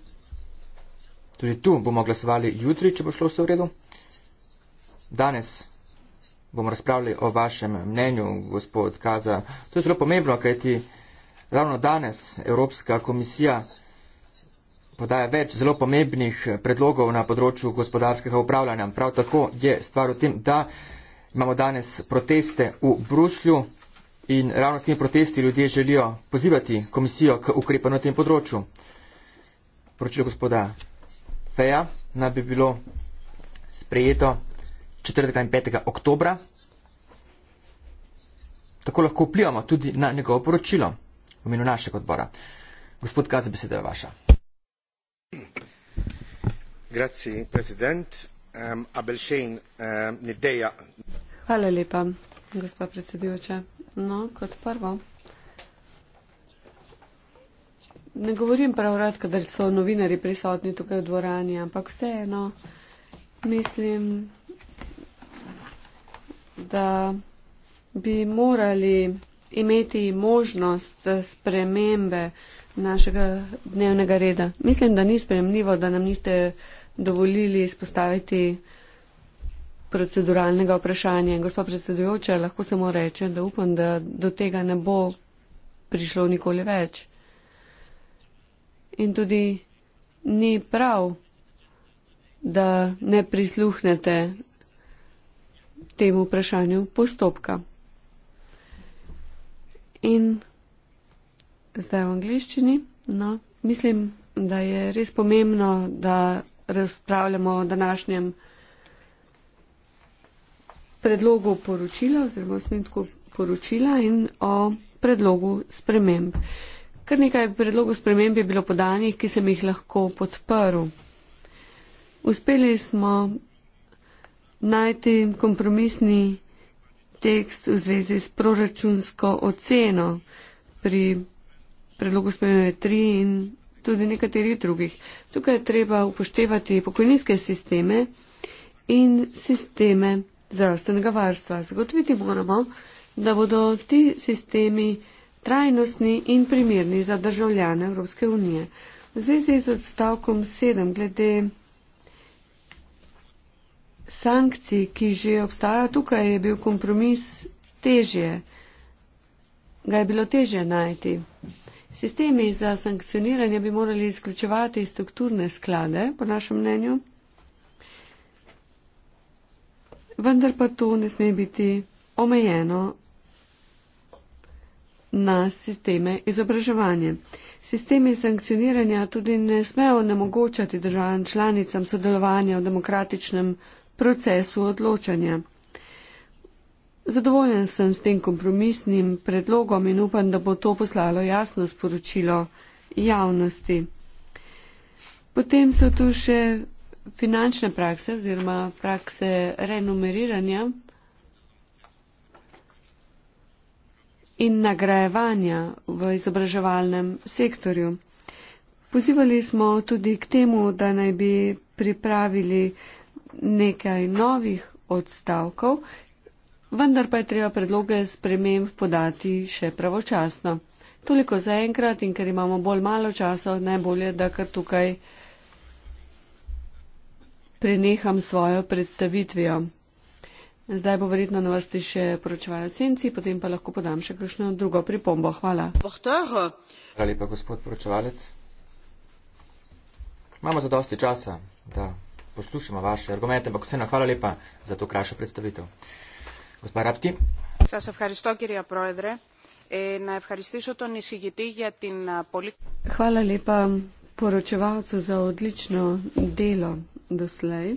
Tudi tu bomo glasovali jutri, če bo šlo vse v redu. Danes bomo razpravljali o vašem mnenju, gospod Kaza. To je zelo pomembno, kajti ravno danes Evropska komisija podaja več zelo pomembnih predlogov na področju gospodarskega upravljanja. Prav tako je stvar v tem, da imamo danes proteste v Bruslju in ravno s temi protesti ljudje želijo pozivati komisijo k ukrepanju na tem področju. Poročilo gospoda Feja naj bi bilo sprejeto 4. in 5. oktobra. Tako lahko vplivamo tudi na njegovo poročilo v imenu našega odbora. Gospod Kazi, beseda je vaša. Ehm, ehm, Hvala lepa, gospa predsedujoča. No, kot prvo, ne govorim prav rad, kadar so novinarji prisotni tukaj v dvorani, ampak vseeno mislim, da bi morali imeti možnost spremembe našega dnevnega reda. Mislim, da ni sprejemljivo, da nam niste dovolili izpostaviti proceduralnega vprašanja. Gospod predsedujoča, lahko samo reče, da upam, da do tega ne bo prišlo nikoli več. In tudi ni prav, da ne prisluhnete temu vprašanju postopka. In zdaj v angliščini, no, mislim, da je res pomembno, da razpravljamo o današnjem predlogu poročila oziroma osnitku poročila in o predlogu sprememb. Kar nekaj predlogov sprememb je bilo podanih, ki sem jih lahko podprl. Uspeli smo najti kompromisni tekst v zvezi s proračunsko oceno pri predlogu spremembe 3 in tudi nekaterih drugih. Tukaj je treba upoštevati pokojninske sisteme in sisteme zdravstvenega varstva. Zagotoviti moramo, da bodo ti sistemi trajnostni in primerni za državljane Evropske unije. V zvezi z odstavkom 7 glede sankcij, ki že obstaja tukaj, je bil kompromis težje. Ga je bilo težje najti. Sistemi za sankcioniranje bi morali izključevati strukturne sklade, po našem mnenju, vendar pa to ne sme biti omejeno na sisteme izobraževanja. Sistemi sankcioniranja tudi ne smejo onemogočati državam članicam sodelovanja v demokratičnem procesu odločanja. Zadovoljen sem s tem kompromisnim predlogom in upam, da bo to poslalo jasno sporočilo javnosti. Potem so tu še finančne prakse oziroma prakse renumeriranja in nagrajevanja v izobraževalnem sektorju. Pozivali smo tudi k temu, da naj bi pripravili nekaj novih odstavkov, vendar pa je treba predloge sprememb podati še pravočasno. Toliko za enkrat in ker imamo bolj malo časa, najbolje, da kar tukaj preneham svojo predstavitvijo. Zdaj bo verjetno na vrsti še poročevajo senci, potem pa lahko podam še kakšno drugo pripombo. Hvala. Ali pa gospod poročevalec? Imamo za dosti časa, da poslušamo vaše argumente, ampak vseeno hvala lepa za to krašo predstavitev. Σας ευχαριστώ κύριε Πρόεδρε. Ε, να ευχαριστήσω τον εισηγητή για την πολύ... Χάλα λίπα поручевалцу за отлично дело дослей.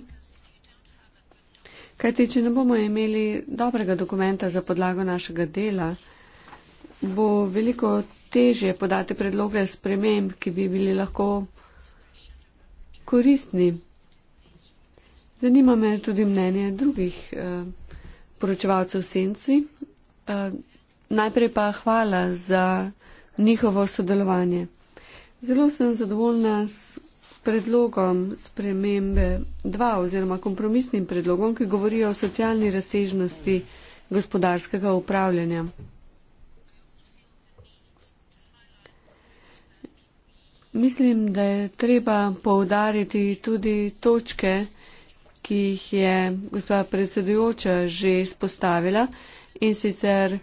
Кайте, че не бомо имели добрега документа за подлага нашега дела, бо велико теже подати предлога спремем, ки би били лахко користни. Занима ме туди мнение других uh, poročevalcev v senci. Eh, najprej pa hvala za njihovo sodelovanje. Zelo sem zadovoljna s predlogom spremembe 2 oziroma kompromisnim predlogom, ki govorijo o socialni razsežnosti gospodarskega upravljanja. Mislim, da je treba poudariti tudi točke, ki jih je gospa predsedujoča že spostavila in sicer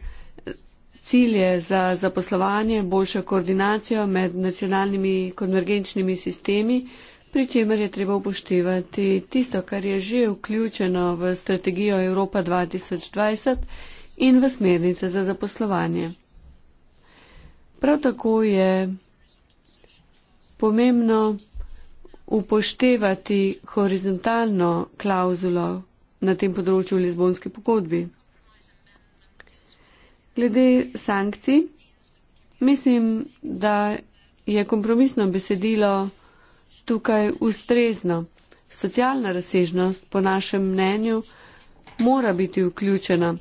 cilje za zaposlovanje, boljšo koordinacijo med nacionalnimi konvergenčnimi sistemi, pri čemer je treba upoštevati tisto, kar je že vključeno v strategijo Evropa 2020 in v smernice za zaposlovanje. Prav tako je pomembno upoštevati horizontalno klauzulo na tem področju v Lizbonski pogodbi. Glede sankcij, mislim, da je kompromisno besedilo tukaj ustrezno. Socialna razsežnost, po našem mnenju, mora biti vključena.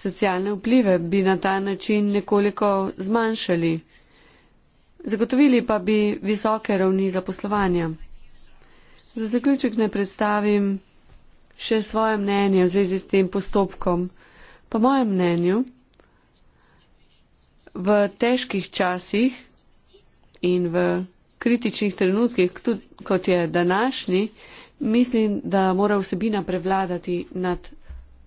Socialne vplive bi na ta način nekoliko zmanjšali. Zagotovili pa bi visoke ravni zaposlovanja. Za zaključek ne predstavim še svoje mnenje v zvezi s tem postopkom. Po mojem mnenju, v težkih časih in v kritičnih trenutkih, tudi kot je današnji, mislim, da mora vsebina prevladati nad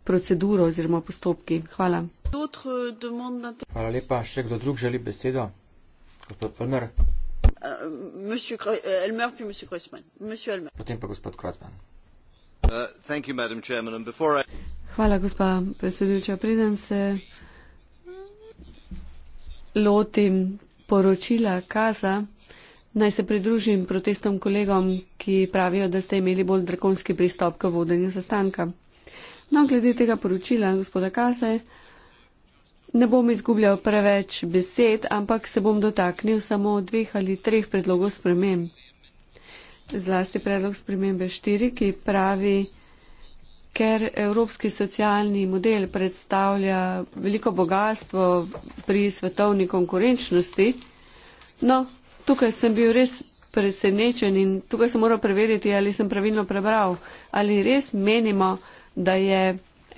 proceduro oziroma postopki. Hvala. Hvala lepa. Še kdo drug želi besedo? Gospod Palmer. Uh, euh, Elmer, pa Monsieur Kreuzman. Monsieur Elmer. Potem pa gospod Kreuzman. Uh, I... Hvala, gospa predsedujoča. Preden se lotim poročila Kaza, naj se pridružim protestom kolegom, ki pravijo, da ste imeli bolj drakonski pristop k vodenju sestanka. No, glede tega poročila gospoda Kaze. Ne bom izgubljal preveč besed, ampak se bom dotaknil samo dveh ali treh predlogov sprememb. Zlasti predlog spremembe 4, ki pravi, ker evropski socialni model predstavlja veliko bogatstvo pri svetovni konkurenčnosti. No, tukaj sem bil res presenečen in tukaj sem moral preveriti, ali sem pravilno prebral, ali res menimo, da je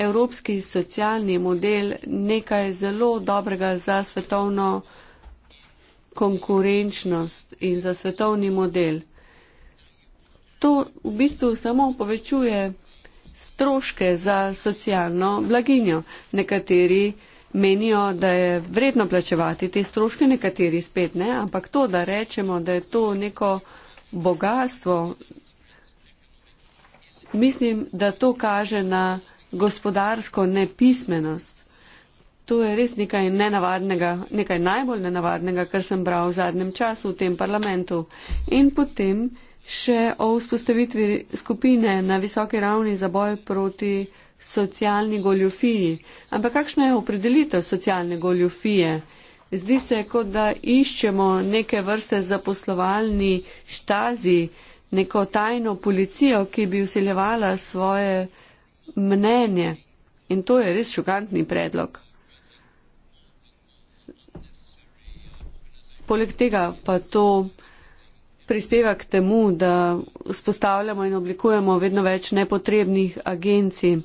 evropski socialni model nekaj zelo dobrega za svetovno konkurenčnost in za svetovni model. To v bistvu samo povečuje stroške za socialno blaginjo. Nekateri menijo, da je vredno plačevati te stroške, nekateri spet ne, ampak to, da rečemo, da je to neko bogatstvo, mislim, da to kaže na gospodarsko nepismenost. To je res nekaj nenavadnega, nekaj najbolj nenavadnega, kar sem bral v zadnjem času v tem parlamentu. In potem še o vzpostavitvi skupine na visoki ravni za boj proti socialni goljofiji. Ampak kakšna je opredelitev socialne goljofije? Zdi se, kot da iščemo neke vrste zaposlovalni štazi, neko tajno policijo, ki bi usiljevala svoje mnenje. In to je res šokantni predlog. Poleg tega pa to prispeva k temu, da vzpostavljamo in oblikujemo vedno več nepotrebnih agencij.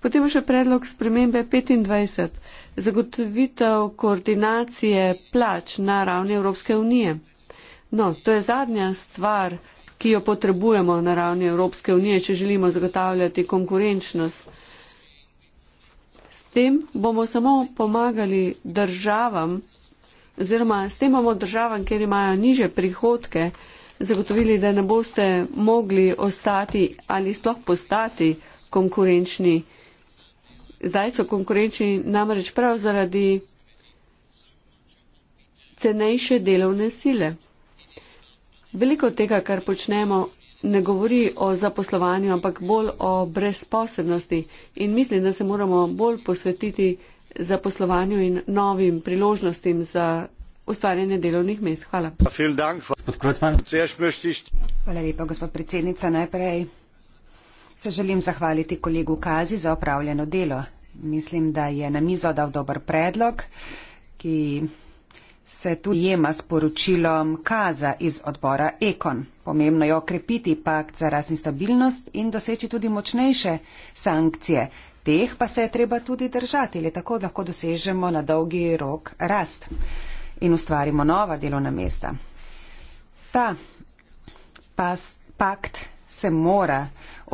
Potem še predlog spremembe 25. Zagotovitev koordinacije plač na ravni Evropske unije. No, to je zadnja stvar, ki jo potrebujemo na ravni Evropske unije, če želimo zagotavljati konkurenčnost. S tem bomo samo pomagali državam, oziroma s tem bomo državam, kjer imajo niže prihodke, zagotovili, da ne boste mogli ostati ali sploh postati konkurenčni. Zdaj so konkurenčni namreč prav zaradi cenejše delovne sile. Veliko tega, kar počnemo, ne govori o zaposlovanju, ampak bolj o brezposebnosti in mislim, da se moramo bolj posvetiti zaposlovanju in novim priložnostim za ustvarjanje delovnih mest. Hvala. Hvala lepa, gospod predsednica. Najprej se želim zahvaliti kolegu Kazi za opravljeno delo. Mislim, da je na mizo dal dober predlog, ki se tu jema s poročilom Kaza iz odbora Ekon. Pomembno je okrepiti pakt za rast in stabilnost in doseči tudi močnejše sankcije. Teh pa se je treba tudi držati, le tako lahko dosežemo na dolgi rok rast in ustvarimo nova delovna mesta. Ta pas, pakt se mora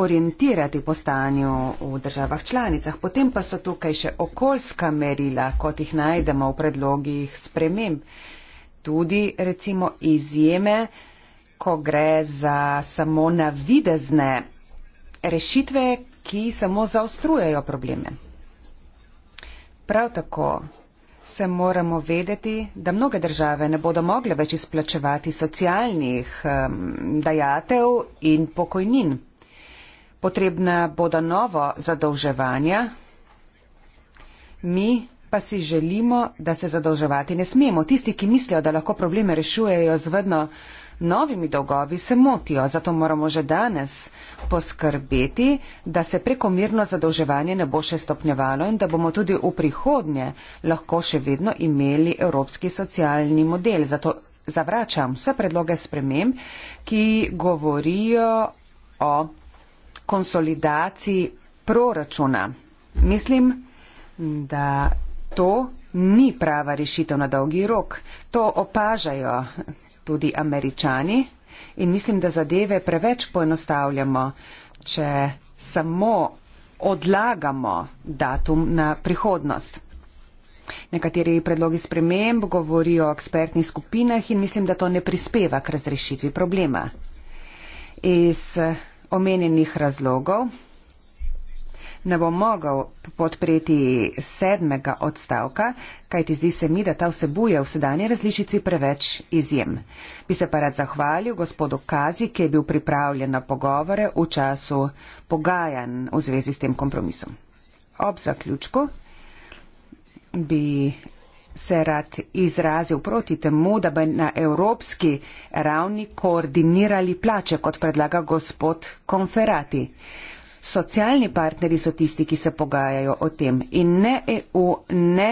orientirati po stanju v državah članicah. Potem pa so tukaj še okoljska merila, kot jih najdemo v predlogih sprememb. Tudi recimo izjeme, ko gre za samo navidezne rešitve, ki samo zaostrujajo probleme. Prav tako se moramo vedeti, da mnoge države ne bodo mogle več izplačevati socialnih um, dajatev in pokojnin. Potrebna bodo novo zadolževanja. Mi pa si želimo, da se zadolževati ne smemo. Tisti, ki mislijo, da lahko probleme rešujejo z vedno novimi dolgovi se motijo, zato moramo že danes poskrbeti, da se prekomirno zadolževanje ne bo še stopnjevalo in da bomo tudi v prihodnje lahko še vedno imeli evropski socialni model. Zato zavračam vse predloge sprememb, ki govorijo o konsolidaciji proračuna. Mislim, da to ni prava rešitev na dolgi rok. To opažajo tudi američani in mislim, da zadeve preveč poenostavljamo, če samo odlagamo datum na prihodnost. Nekateri predlogi sprememb govorijo o ekspertnih skupinah in mislim, da to ne prispeva k razrešitvi problema. Iz omenjenih razlogov ne bom mogel podpreti sedmega odstavka, kajti zdi se mi, da ta vsebuje v sedanji različici preveč izjem. Bi se pa rad zahvalil gospodu Kazi, ki je bil pripravljen na pogovore v času pogajanj v zvezi s tem kompromisom. Ob zaključku bi se rad izrazil proti temu, da bi na evropski ravni koordinirali plače, kot predlaga gospod Konferati socialni partneri so tisti, ki se pogajajo o tem in ne EU, ne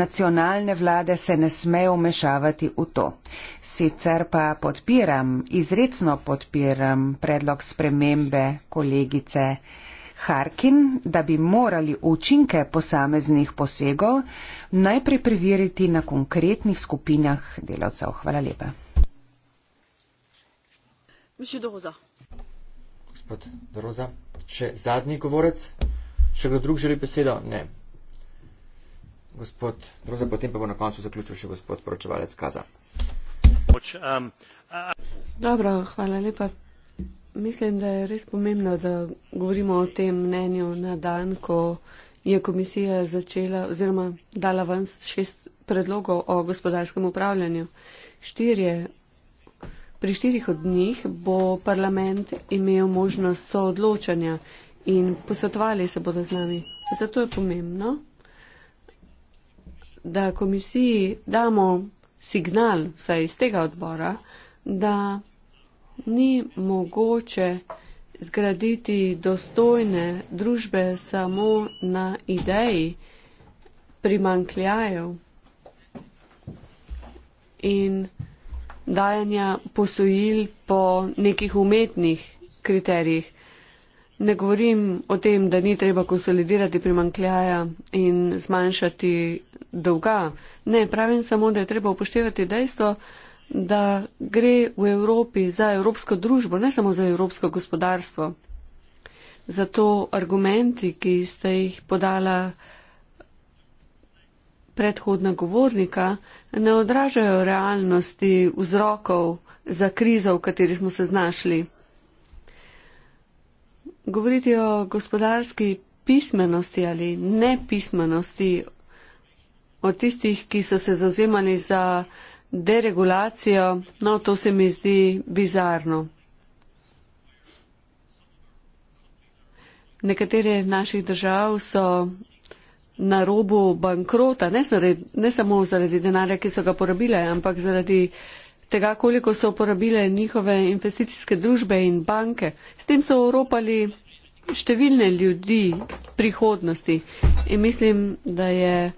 nacionalne vlade se ne smejo vmešavati v to. Sicer pa podpiram, izredno podpiram predlog spremembe kolegice Harkin, da bi morali učinke posameznih posegov najprej preveriti na konkretnih skupinah delavcev. Hvala lepa. Gospod Droza. Še zadnji govorec? Še kdo drug želi besedo? Ne. Gospod, prosim, potem pa bo na koncu zaključil še gospod poročevalec Kaza. Dobro, hvala lepa. Mislim, da je res pomembno, da govorimo o tem mnenju na dan, ko je komisija začela oziroma dala ven šest predlogov o gospodarskem upravljanju. Štirje Pri štirih od njih bo parlament imel možnost soodločanja in posvetovali se bodo z nami. Zato je pomembno, da komisiji damo signal, vsaj iz tega odbora, da ni mogoče zgraditi dostojne družbe samo na ideji primankljajev. In dajanja posojil po nekih umetnih kriterijih. Ne govorim o tem, da ni treba konsolidirati primankljaja in zmanjšati dolga. Ne, pravim samo, da je treba upoštevati dejstvo, da gre v Evropi za evropsko družbo, ne samo za evropsko gospodarstvo. Zato argumenti, ki ste jih podala predhodna govornika, ne odražajo realnosti vzrokov za krizo, v kateri smo se znašli. Govoriti o gospodarski pismenosti ali nepismenosti, o tistih, ki so se zauzemali za deregulacijo, no to se mi zdi bizarno. Nekatere naših držav so na robu bankrota, ne, zaradi, ne samo zaradi denarja, ki so ga porabile, ampak zaradi tega, koliko so porabile njihove investicijske družbe in banke. S tem so oropali številne ljudi prihodnosti in mislim, da je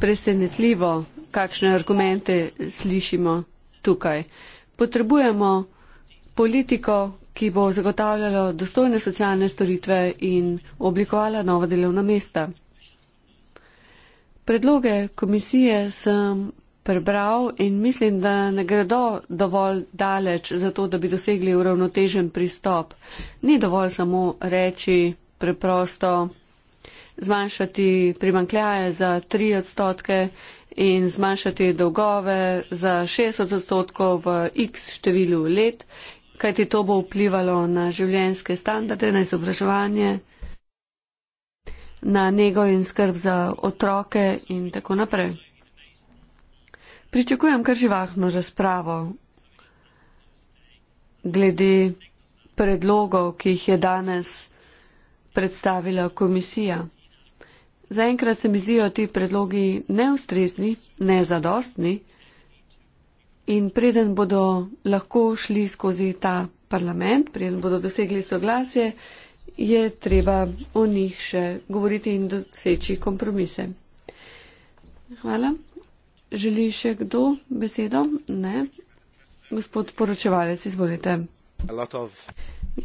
presenetljivo, kakšne argumente slišimo tukaj. Potrebujemo politiko, ki bo zagotavljala dostojne socialne storitve in oblikovala nova delovna mesta predloge komisije sem prebral in mislim, da ne gredo dovolj daleč za to, da bi dosegli uravnotežen pristop. Ni dovolj samo reči preprosto zmanjšati primankljaje za 3 odstotke in zmanjšati dolgove za 60 odstotkov v x številu let, kajti to bo vplivalo na življenjske standarde, na izobraževanje na nego in skrb za otroke in tako naprej. Pričakujem kar živahno razpravo glede predlogov, ki jih je danes predstavila komisija. Zaenkrat se mi zdijo ti predlogi neustrezni, nezadostni in preden bodo lahko šli skozi ta parlament, preden bodo dosegli soglasje, je treba o njih še govoriti in doseči kompromise. Hvala. Želi še kdo besedo? Ne. Gospod poročevalec, izvolite.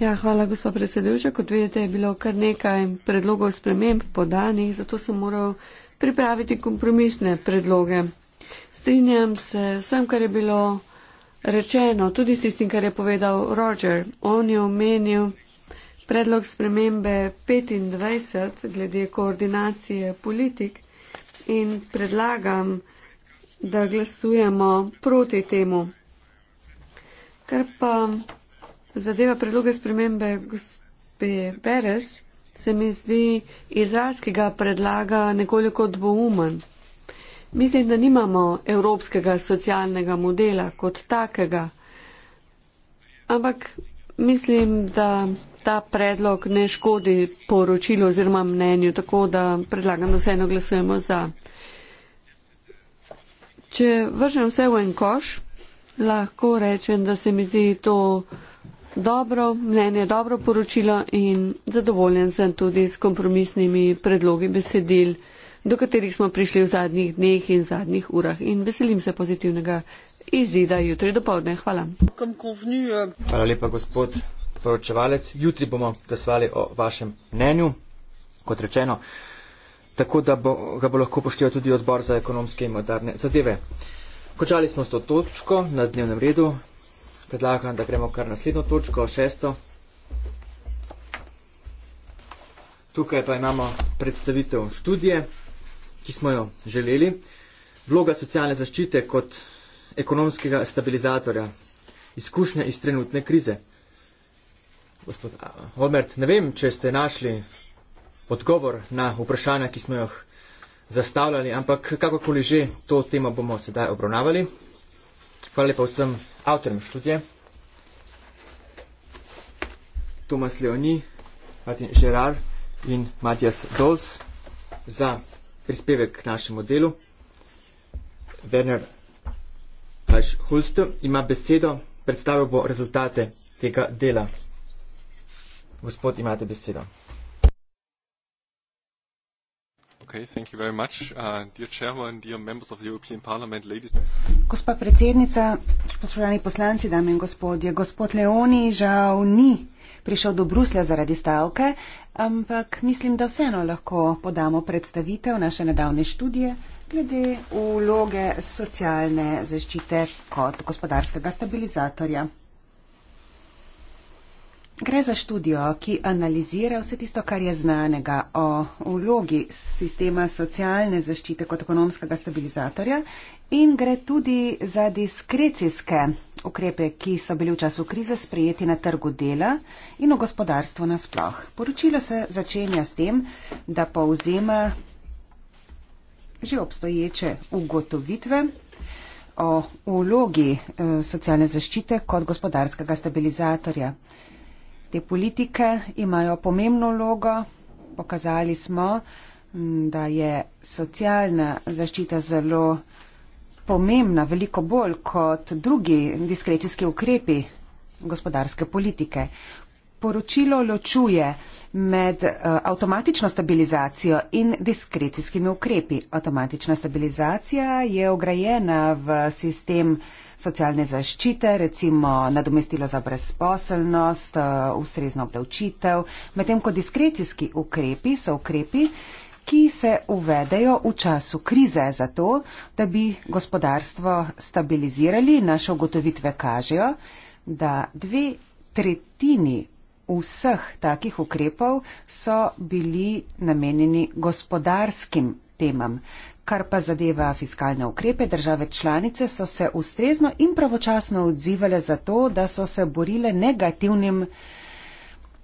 Ja, hvala, gospod predsedujoča. Kot vedete, je bilo kar nekaj predlogov sprememb podanih, zato sem moral pripraviti kompromisne predloge. Strinjam se vsem, kar je bilo rečeno, tudi s tistim, kar je povedal Roger. On je omenil, Predlog spremembe 25 glede koordinacije politik in predlagam, da glasujemo proti temu. Kar pa zadeva predloge spremembe gospe Beres, se mi zdi izraz, ki ga predlaga nekoliko dvoumen. Mislim, da nimamo evropskega socialnega modela kot takega, ampak mislim, da ta predlog ne škodi poročilu oziroma mnenju, tako da predlagam, da vseeno glasujemo za. Če vržem vse v en koš, lahko rečem, da se mi zdi to dobro, mnenje dobro poročilo in zadovoljen sem tudi s kompromisnimi predlogi besedil, do katerih smo prišli v zadnjih dneh in zadnjih urah in veselim se pozitivnega izida jutri do povdne. Hvala. Hvala lepa, gospod poročevalec. Jutri bomo glasovali o vašem mnenju, kot rečeno, tako da bo, ga bo lahko poštijo tudi odbor za ekonomske in modarne zadeve. Končali smo s to točko na dnevnem redu. Predlagam, da gremo kar naslednjo točko, šesto. Tukaj pa imamo predstavitev študije, ki smo jo želeli. Vloga socialne zaščite kot ekonomskega stabilizatorja. Izkušnja iz trenutne krize gospod Holmert, ne vem, če ste našli odgovor na vprašanja, ki smo jih zastavljali, ampak kakorkoli že to temo bomo sedaj obravnavali. Hvala lepa vsem avtorjem študije. Tomas Leoni, Martin Gerard in Matjas Dols za prispevek k našemu delu. Werner Hulst ima besedo, predstavil bo rezultate tega dela. Gospod, imate besedo. Uh, Gospa predsednica, spoštovani poslanci, dame in gospodje, gospod Leoni žal ni prišel do Bruslja zaradi stavke, ampak mislim, da vseeno lahko podamo predstavitev naše nedavne študije glede vloge socialne zaščite kot gospodarskega stabilizatorja. Gre za študijo, ki analizira vse tisto, kar je znanega o vlogi sistema socialne zaščite kot ekonomskega stabilizatorja in gre tudi za diskrecijske ukrepe, ki so bili v času krize sprejeti na trgu dela in v gospodarstvu nasploh. Poročilo se začenja s tem, da povzema že obstoječe ugotovitve o vlogi eh, socialne zaščite kot gospodarskega stabilizatorja. Te politike imajo pomembno vlogo. Pokazali smo, da je socialna zaščita zelo pomembna, veliko bolj kot drugi diskrecijski ukrepi gospodarske politike poročilo ločuje med eh, avtomatično stabilizacijo in diskrecijskimi ukrepi. Avtomatična stabilizacija je ograjena v sistem socialne zaščite, recimo nadomestilo za brezposelnost, eh, ustrezno obdavčitev, medtem ko diskrecijski ukrepi so ukrepi, ki se uvedejo v času krize za to, da bi gospodarstvo stabilizirali. Naše ugotovitve kažejo, da dve tretjini vseh takih ukrepov so bili namenjeni gospodarskim temam. Kar pa zadeva fiskalne ukrepe, države članice so se ustrezno in pravočasno odzivale za to, da so se borile negativnim,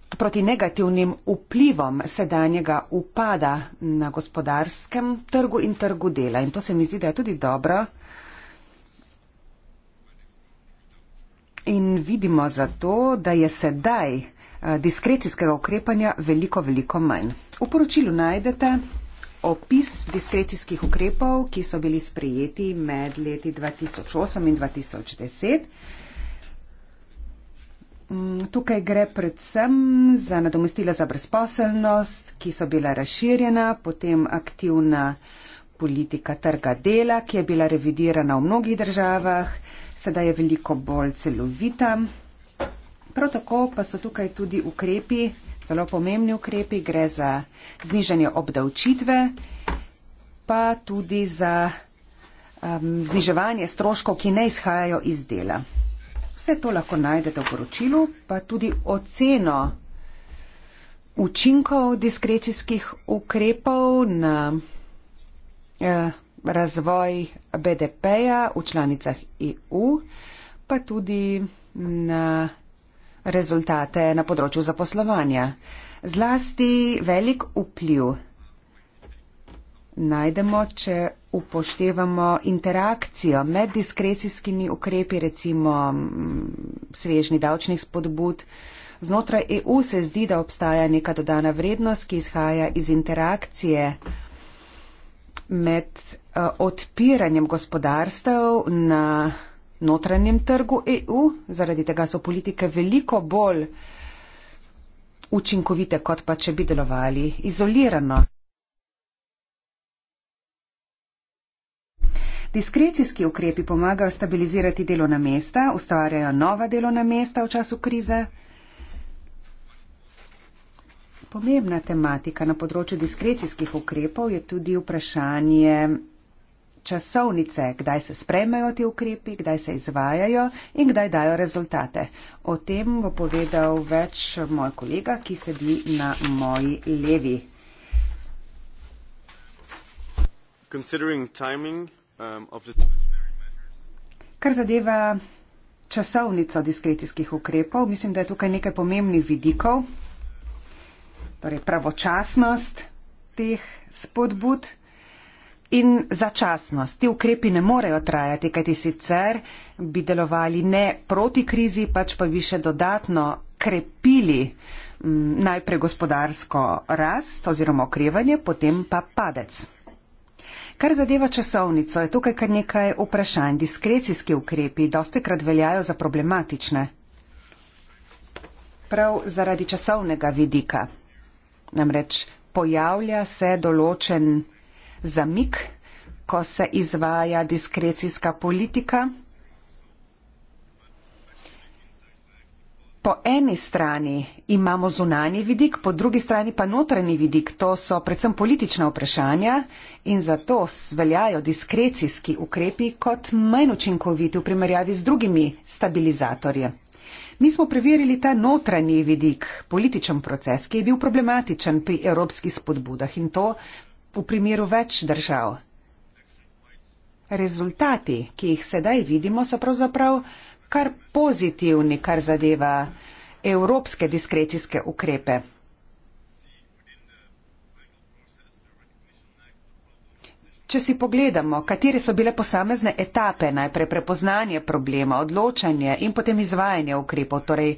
proti negativnim vplivom sedanjega upada na gospodarskem trgu in trgu dela. In to se mi zdi, da je tudi dobro. In vidimo zato, da je sedaj Eh, diskrecijskega ukrepanja veliko, veliko manj. V poročilu najdete opis diskrecijskih ukrepov, ki so bili sprejeti med leti 2008 in 2010. Mm, tukaj gre predvsem za nadomestila za brezposelnost, ki so bila razširjena, potem aktivna politika trga dela, ki je bila revidirana v mnogih državah, sedaj je veliko bolj celovita. Prav tako pa so tukaj tudi ukrepi, zelo pomembni ukrepi, gre za znižanje obdavčitve, pa tudi za um, zniževanje stroškov, ki ne izhajajo iz dela. Vse to lahko najdete v poročilu, pa tudi oceno učinkov diskrecijskih ukrepov na eh, razvoj BDP-ja v članicah EU, pa tudi na rezultate na področju zaposlovanja. Zlasti velik vpliv najdemo, če upoštevamo interakcijo med diskrecijskimi ukrepi, recimo svežni davčnih spodbud. Znotraj EU se zdi, da obstaja neka dodana vrednost, ki izhaja iz interakcije med eh, odpiranjem gospodarstev na notranjem trgu EU, zaradi tega so politike veliko bolj učinkovite, kot pa če bi delovali izolirano. Diskrecijski ukrepi pomagajo stabilizirati delovna mesta, ustvarjajo nova delovna mesta v času krize. Pomembna tematika na področju diskrecijskih ukrepov je tudi vprašanje časovnice, kdaj se sprejmejo ti ukrepi, kdaj se izvajajo in kdaj dajo rezultate. O tem bo povedal več moj kolega, ki sedi na moji levi. Um, Kar zadeva časovnico diskrecijskih ukrepov, mislim, da je tukaj nekaj pomembnih vidikov, torej pravočasnost teh spodbud in začasnost. Ti ukrepi ne morejo trajati, kajti sicer bi delovali ne proti krizi, pač pa bi še dodatno krepili najprej gospodarsko rast oziroma okrevanje, potem pa padec. Kar zadeva časovnico, je tukaj kar nekaj vprašanj. Diskrecijski ukrepi dosti krat veljajo za problematične. Prav zaradi časovnega vidika. Namreč pojavlja se določen zamik, ko se izvaja diskrecijska politika. Po eni strani imamo zunanji vidik, po drugi strani pa notranji vidik. To so predvsem politična vprašanja in zato veljajo diskrecijski ukrepi kot manj učinkoviti v primerjavi z drugimi stabilizatorji. Mi smo preverili ta notranji vidik, političen proces, ki je bil problematičen pri evropskih spodbudah in to v primeru več držav. Rezultati, ki jih sedaj vidimo, so pravzaprav kar pozitivni, kar zadeva evropske diskrecijske ukrepe. Če si pogledamo, katere so bile posamezne etape, najprej prepoznanje problema, odločanje in potem izvajanje ukrepov, torej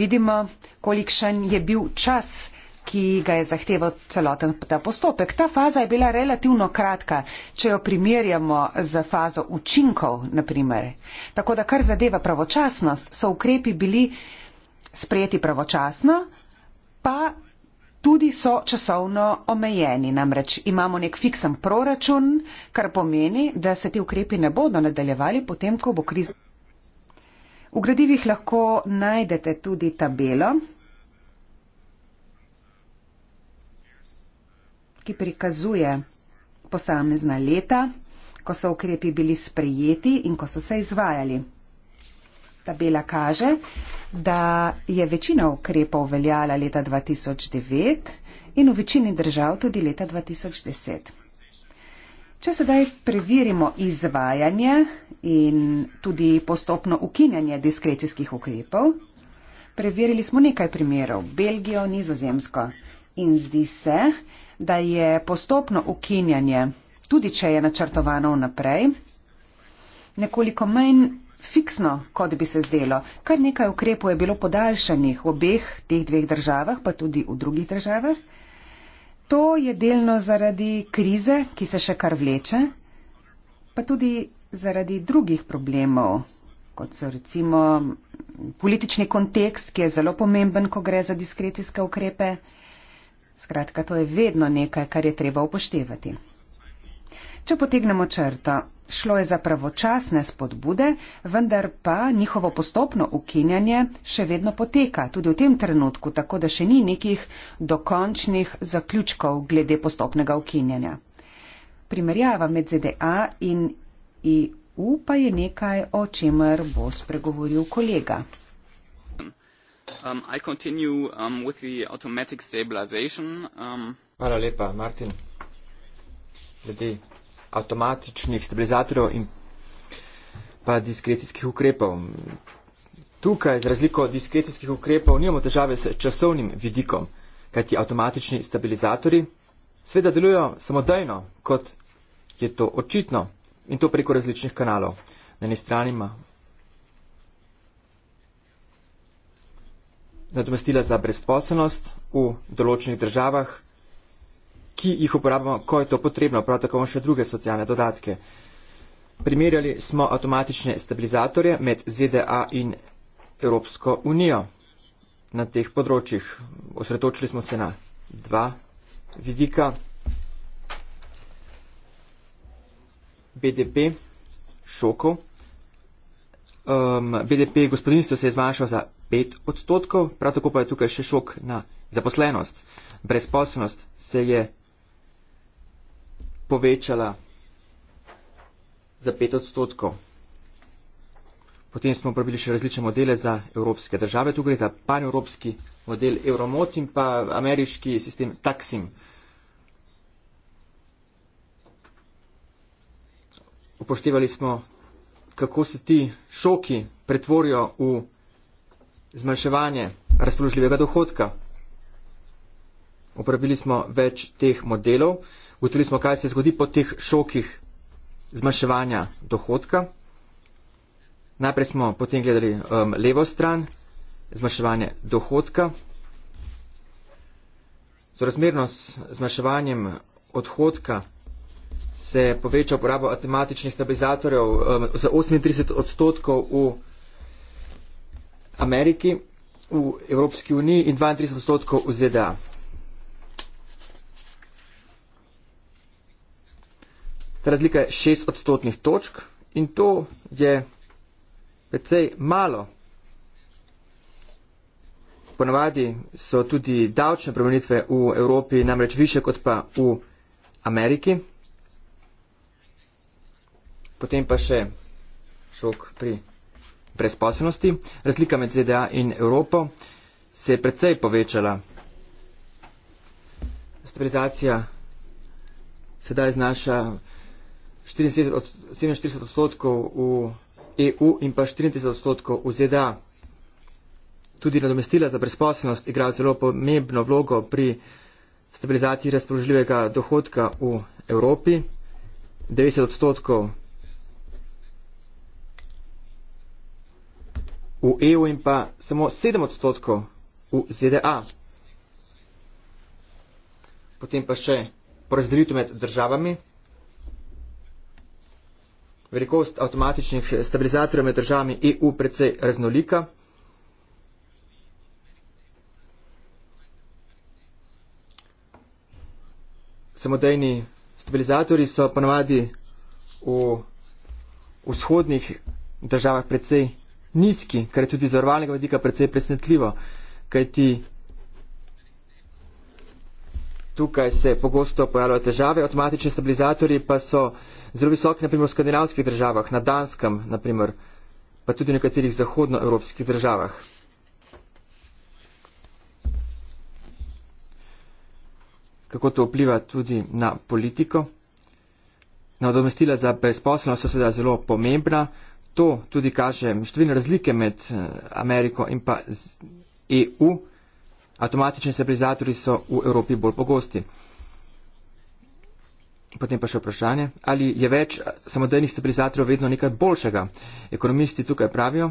vidimo, kolikšen je bil čas ki ga je zahteval celoten ta postopek. Ta faza je bila relativno kratka, če jo primerjamo z fazo učinkov, naprimer. Tako da, kar zadeva pravočasnost, so ukrepi bili sprejeti pravočasno, pa tudi so časovno omejeni. Namreč imamo nek fiksen proračun, kar pomeni, da se ti ukrepi ne bodo nadaljevali potem, ko bo kriza. V gradivih lahko najdete tudi tabelo, ki prikazuje posamezna leta, ko so ukrepi bili sprejeti in ko so se izvajali. Tabela kaže, da je večina ukrepov veljala leta 2009 in v večini držav tudi leta 2010. Če sedaj preverimo izvajanje in tudi postopno ukinjanje diskrecijskih ukrepov, preverili smo nekaj primerov, Belgijo, Nizozemsko in zdi se, da je postopno ukinjanje, tudi če je načrtovano vnaprej, nekoliko manj fiksno, kot bi se zdelo. Kar nekaj ukrepov je bilo podaljšanih v obeh teh dveh državah, pa tudi v drugih državah. To je delno zaradi krize, ki se še kar vleče, pa tudi zaradi drugih problemov, kot so recimo politični kontekst, ki je zelo pomemben, ko gre za diskrecijske ukrepe. Skratka, to je vedno nekaj, kar je treba upoštevati. Če potegnemo črto, šlo je za pravočasne spodbude, vendar pa njihovo postopno ukinjanje še vedno poteka, tudi v tem trenutku, tako da še ni nekih dokončnih zaključkov glede postopnega ukinjanja. Primerjava med ZDA in EU pa je nekaj, o čemer bo spregovoril kolega. Um, I continue um, with the automatic stabilization. Um. Hvala lepa, Martin. Glede avtomatičnih stabilizatorjev in pa diskrecijskih ukrepov. Tukaj, z razliko od diskrecijskih ukrepov, nimamo težave s časovnim vidikom, kajti avtomatični stabilizatori sveda delujejo samodejno, kot je to očitno in to preko različnih kanalov. Na eni strani ima nadomestila za brezposobnost v določenih državah, ki jih uporabljamo, ko je to potrebno, prav tako imamo še druge socialne dodatke. Primerjali smo avtomatične stabilizatorje med ZDA in Evropsko unijo na teh področjih. Osredotočili smo se na dva vidika. BDP šokov. Um, BDP gospodinstva se je zmanjšal za 5 odstotkov, prav tako pa je tukaj še šok na zaposlenost. Brezposlenost se je povečala za 5 odstotkov. Potem smo pravili še različne modele za evropske države, tukaj za panevropski model Euromot in pa ameriški sistem Taksim. Upoštevali smo, kako se ti šoki pretvorijo v zmanjševanje razpoložljivega dohodka. Uporabili smo več teh modelov, ugotovili smo, kaj se zgodi po teh šokih zmanjševanja dohodka. Najprej smo potem gledali um, levo stran, zmanjševanje dohodka. Sorazmerno s zmanjševanjem odhodka se poveča uporaba avtomatičnih stabilizatorjev um, za 38 odstotkov v Ameriki, v Evropski uniji in 32 odstotkov v ZDA. Ta razlika je 6 odstotnih točk in to je precej malo. Ponavadi so tudi davčne premenitve v Evropi namreč više kot pa v Ameriki. Potem pa še šok pri brezposobnosti. Razlika med ZDA in Evropo se je precej povečala. Stabilizacija sedaj znaša 47 odstotkov v EU in pa 34 odstotkov v ZDA. Tudi nadomestila za brezposobnost igrajo zelo pomembno vlogo pri stabilizaciji razpoložljivega dohodka v Evropi. 90 odstotkov v EU in pa samo 7 odstotkov v ZDA. Potem pa še porazdelitev med državami. Velikost avtomatičnih stabilizatorjev med državami EU precej raznolika. Samodejni stabilizatori so ponavadi v vzhodnih državah precej raznolika nizki, kar je tudi iz varovalnega vidika precej presnetljivo, kajti tukaj se pogosto pojavljajo težave, avtomatični stabilizatori pa so zelo visoki, naprimer v skandinavskih državah, na Danskem, naprimer, pa tudi v nekaterih zahodnoevropskih državah. Kako to vpliva tudi na politiko? Na odomestila za brezposelnost so seveda zelo pomembna. To tudi kaže številne razlike med eh, Ameriko in pa EU. Avtomatični stabilizatori so v Evropi bolj pogosti. Potem pa še vprašanje, ali je več samodejnih stabilizatorjev vedno nekaj boljšega. Ekonomisti tukaj pravijo,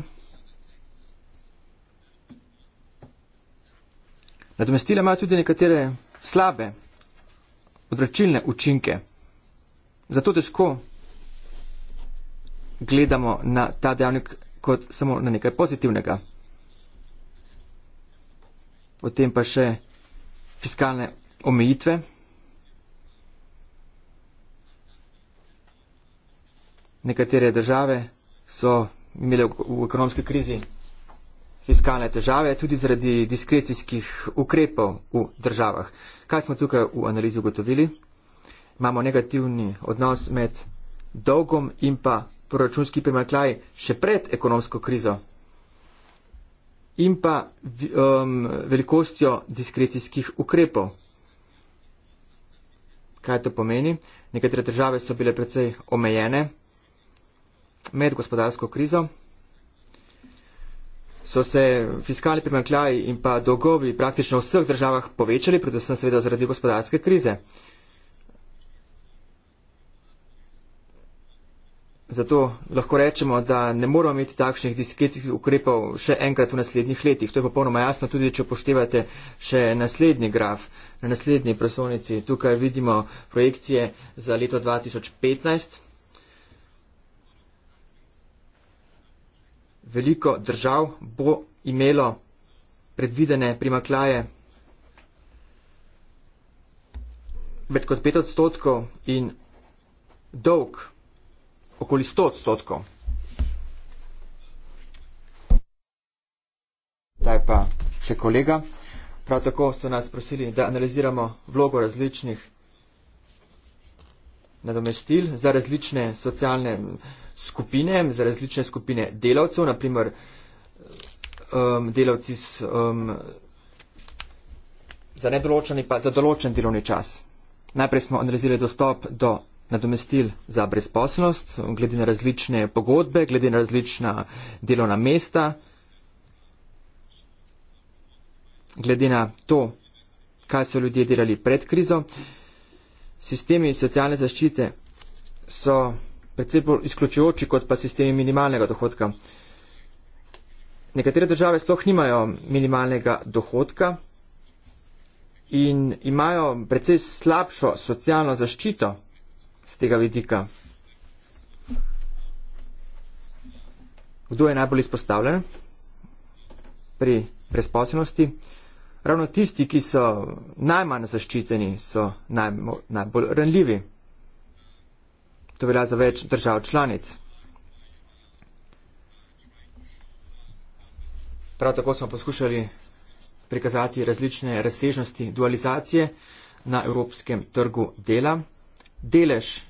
nadomestila imajo tudi nekatere slabe, odvračilne učinke. Zato težko gledamo na ta dejavnik kot samo na nekaj pozitivnega. Potem pa še fiskalne omejitve. Nekatere države so imele v ekonomski krizi fiskalne težave tudi zaradi diskrecijskih ukrepov v državah. Kaj smo tukaj v analizi ugotovili? Imamo negativni odnos med dolgom in pa proračunski primakljaj še pred ekonomsko krizo in pa um, velikostjo diskrecijskih ukrepov. Kaj to pomeni? Nekatere države so bile precej omejene med gospodarsko krizo, so se fiskalni primakljaj in pa dolgovi praktično v vseh državah povečali, predvsem seveda zaradi gospodarske krize. Zato lahko rečemo, da ne moramo imeti takšnih diskrecijskih ukrepov še enkrat v naslednjih letih. To je popolnoma jasno, tudi če upoštevate še naslednji graf na naslednji prosovnici. Tukaj vidimo projekcije za leto 2015. Veliko držav bo imelo predvidene primaklaje več kot 5 odstotkov in dolg okoli sto odstotkov. Zdaj pa še kolega. Prav tako so nas prosili, da analiziramo vlogo različnih nadomestil za različne socialne skupine, za različne skupine delavcev, naprimer um, delavci s, um, za nedoločen in pa za določen delovni čas. Najprej smo analizirali dostop do nadomestil za brezposelnost, glede na različne pogodbe, glede na različna delovna mesta, glede na to, kaj so ljudje delali pred krizo. Sistemi socialne zaščite so predvsej bolj izključujoči kot pa sistemi minimalnega dohodka. Nekatere države sploh nimajo minimalnega dohodka in imajo predvsej slabšo socialno zaščito z tega vidika. Kdo je najbolj izpostavljen pri presposobnosti? Ravno tisti, ki so najmanj zaščiteni, so naj, najbolj ranljivi. To velja za več držav članic. Prav tako smo poskušali prikazati različne razsežnosti dualizacije na evropskem trgu dela delež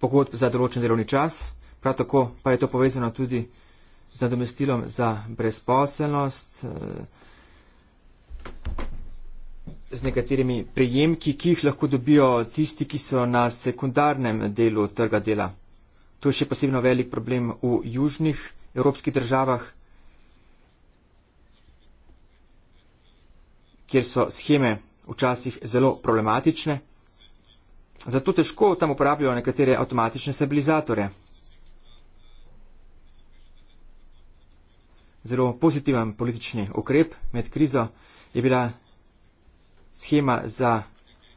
pogodb za določen delovni čas, prav tako pa je to povezano tudi z nadomestilom za brezposelnost, eh, z nekaterimi prejemki, ki jih lahko dobijo tisti, ki so na sekundarnem delu trga dela. To je še posebno velik problem v južnih evropskih državah, kjer so scheme včasih zelo problematične zato težko tam uporabljajo nekatere avtomatične stabilizatore. Zelo pozitiven politični ukrep med krizo je bila schema za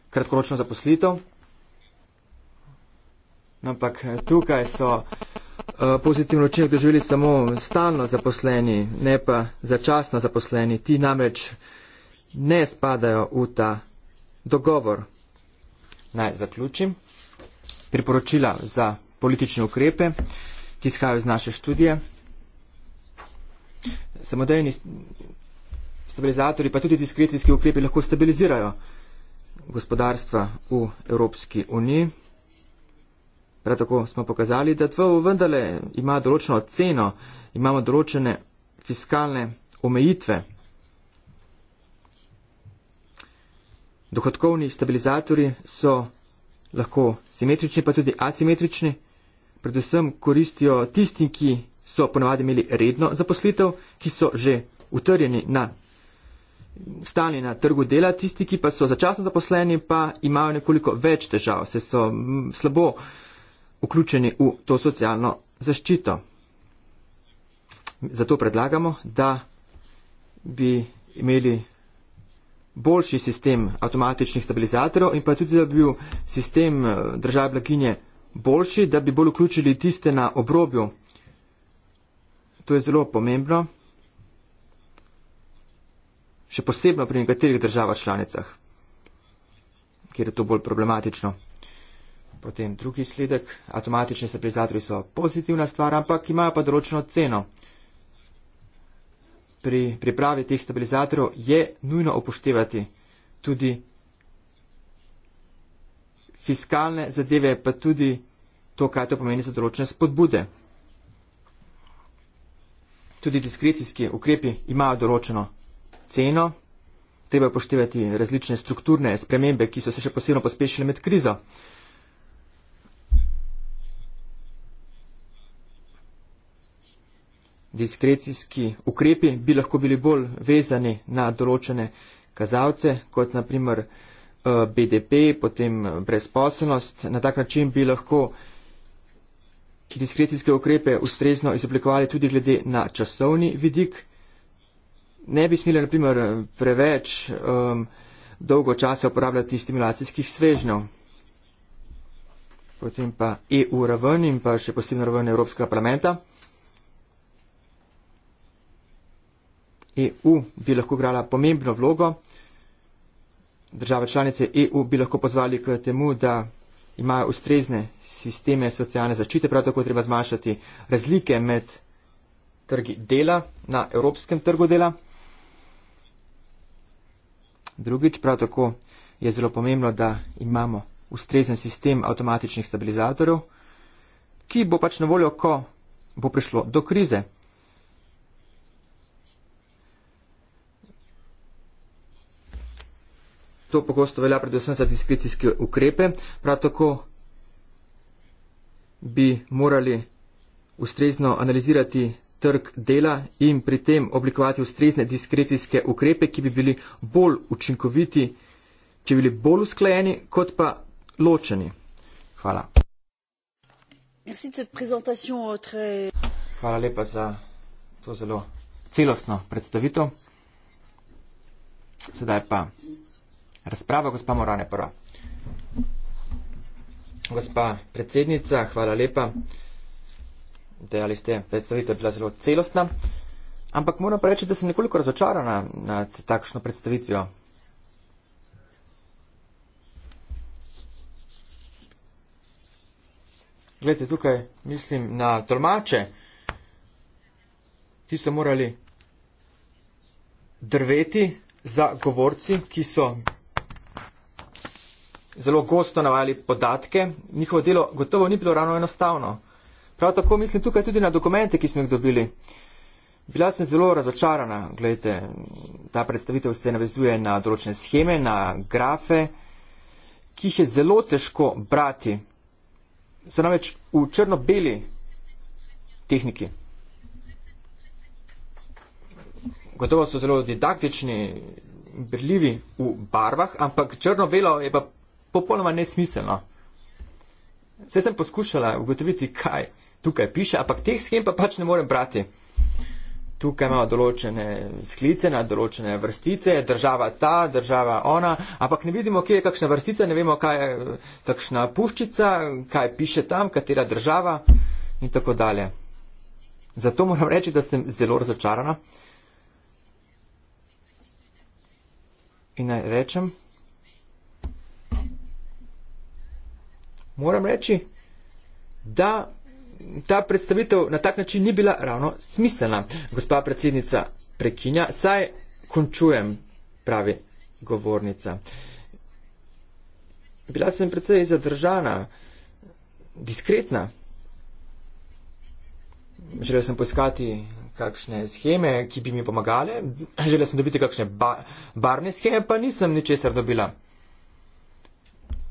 kratkoročno zaposlitev. Ampak eh, tukaj so uh, eh, pozitivno učinek doživeli samo stalno zaposleni, ne pa začasno zaposleni. Ti namreč ne spadajo v ta dogovor naj zaključim. Priporočila za politične ukrepe, ki izhajajo iz naše študije. Samodejni stabilizatori, pa tudi diskrecijski ukrepi lahko stabilizirajo gospodarstva v Evropski uniji. Prav tako smo pokazali, da tvo vendarle ima določeno ceno, imamo določene fiskalne omejitve. dohodkovni stabilizatori so lahko simetrični, pa tudi asimetrični. Predvsem koristijo tistim, ki so ponavadi imeli redno zaposlitev, ki so že utrjeni na stalni na trgu dela, tisti, ki pa so začasno zaposleni, pa imajo nekoliko več težav, se so slabo vključeni v to socialno zaščito. Zato predlagamo, da bi imeli boljši sistem avtomatičnih stabilizatorjev in pa tudi, da bi bil sistem eh, države blaginje boljši, da bi bolj vključili tiste na obrobju. To je zelo pomembno, še posebno pri nekaterih državah članicah, kjer je to bolj problematično. Potem drugi sledek, avtomatični stabilizatorji so pozitivna stvar, ampak imajo pa določeno ceno pri pripravi teh stabilizatorjev je nujno upoštevati tudi fiskalne zadeve, pa tudi to, kaj to pomeni za določene spodbude. Tudi diskrecijski ukrepi imajo določeno ceno, treba upoštevati različne strukturne spremembe, ki so se še posebno pospešile med krizo. diskrecijski ukrepi bi lahko bili bolj vezani na določene kazalce, kot naprimer eh, BDP, potem eh, brezposobnost. Na tak način bi lahko diskrecijske ukrepe ustrezno izoblikovali tudi glede na časovni vidik. Ne bi smeli naprimer preveč um, dolgo časa uporabljati stimulacijskih svežnjev. Potem pa EU raven in pa še posebno raven Evropskega parlamenta. EU bi lahko igrala pomembno vlogo. Države članice EU bi lahko pozvali k temu, da imajo ustrezne sisteme socialne zaščite, prav tako treba zmanjšati razlike med trgi dela na evropskem trgu dela. Drugič, prav tako je zelo pomembno, da imamo ustrezen sistem avtomatičnih stabilizatorjev, ki bo pač na voljo, ko bo prišlo do krize. To pogosto velja predvsem za diskrecijske ukrepe. Prav tako bi morali ustrezno analizirati trg dela in pri tem oblikovati ustrezne diskrecijske ukrepe, ki bi bili bolj učinkoviti, če bi bili bolj usklajeni, kot pa ločeni. Hvala. Euh, Hvala lepa za to zelo celostno predstavitev. Sedaj pa Razprava gospa Morane prva. Gospa predsednica, hvala lepa. Dejali ste, predstavitev je bila zelo celostna, ampak moram pa reči, da sem nekoliko razočarana nad takšno predstavitvijo. Glede, tukaj mislim na tolmače, ki so morali drveti za govorci, ki so zelo gosto navajali podatke, njihovo delo gotovo ni bilo ravno enostavno. Prav tako mislim tukaj tudi na dokumente, ki smo jih dobili. Bila sem zelo razočarana, gledajte, ta predstavitev se navezuje na določene scheme, na grafe, ki jih je zelo težko brati. So namreč v črno-beli tehniki. Gotovo so zelo didaktični, brljivi v barvah, ampak črno-belo je pa popolnoma nesmiselno. Vse sem poskušala ugotoviti, kaj tukaj piše, ampak teh schem pa pač ne morem brati. Tukaj imamo določene sklice na določene vrstice, država ta, država ona, ampak ne vidimo, kje je kakšna vrstica, ne vemo, kaj je eh, kakšna puščica, kaj piše tam, katera država in tako dalje. Zato moram reči, da sem zelo razočarana. In naj rečem, moram reči, da ta predstavitev na tak način ni bila ravno smiselna. Gospa predsednica prekinja, saj končujem, pravi govornica. Bila sem predvsej zadržana, diskretna. Želel sem poiskati kakšne scheme, ki bi mi pomagale, želel sem dobiti kakšne ba barne scheme, pa nisem ničesar dobila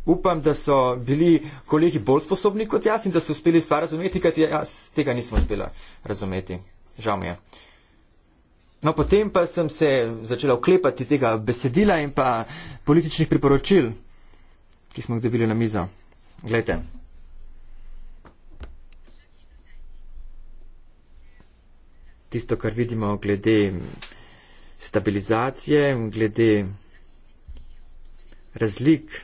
upam, da so bili kolegi bolj sposobni kot jaz in da so uspeli stvar razumeti, kaj jaz tega nisem uspela razumeti. Žal mi je. No, potem pa sem se začela oklepati tega besedila in pa političnih priporočil, ki smo jih dobili na mizo. Glejte. Tisto, kar vidimo glede stabilizacije, glede razlik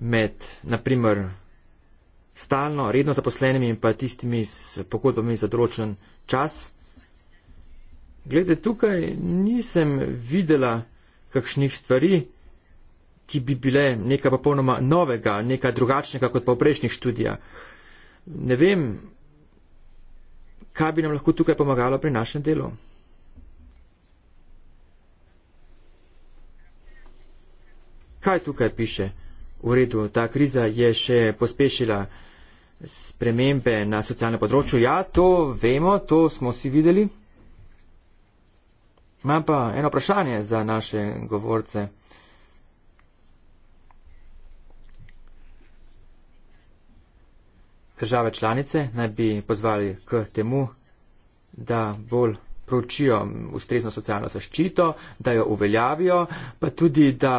med, naprimer, stalno, redno zaposlenimi in pa tistimi s pogodbami za določen čas. Glede, tukaj nisem videla kakšnih stvari, ki bi bile nekaj popolnoma novega, nekaj drugačnega kot pa v prejšnjih študijah. Ne vem, kaj bi nam lahko tukaj pomagalo pri našem delu. kaj tukaj piše. V redu, ta kriza je še pospešila spremembe na socialnem področju. Ja, to vemo, to smo si videli. Imam pa eno vprašanje za naše govorce. Države članice naj bi pozvali k temu, da bolj pročijo ustrezno socialno zaščito, da jo uveljavijo, pa tudi, da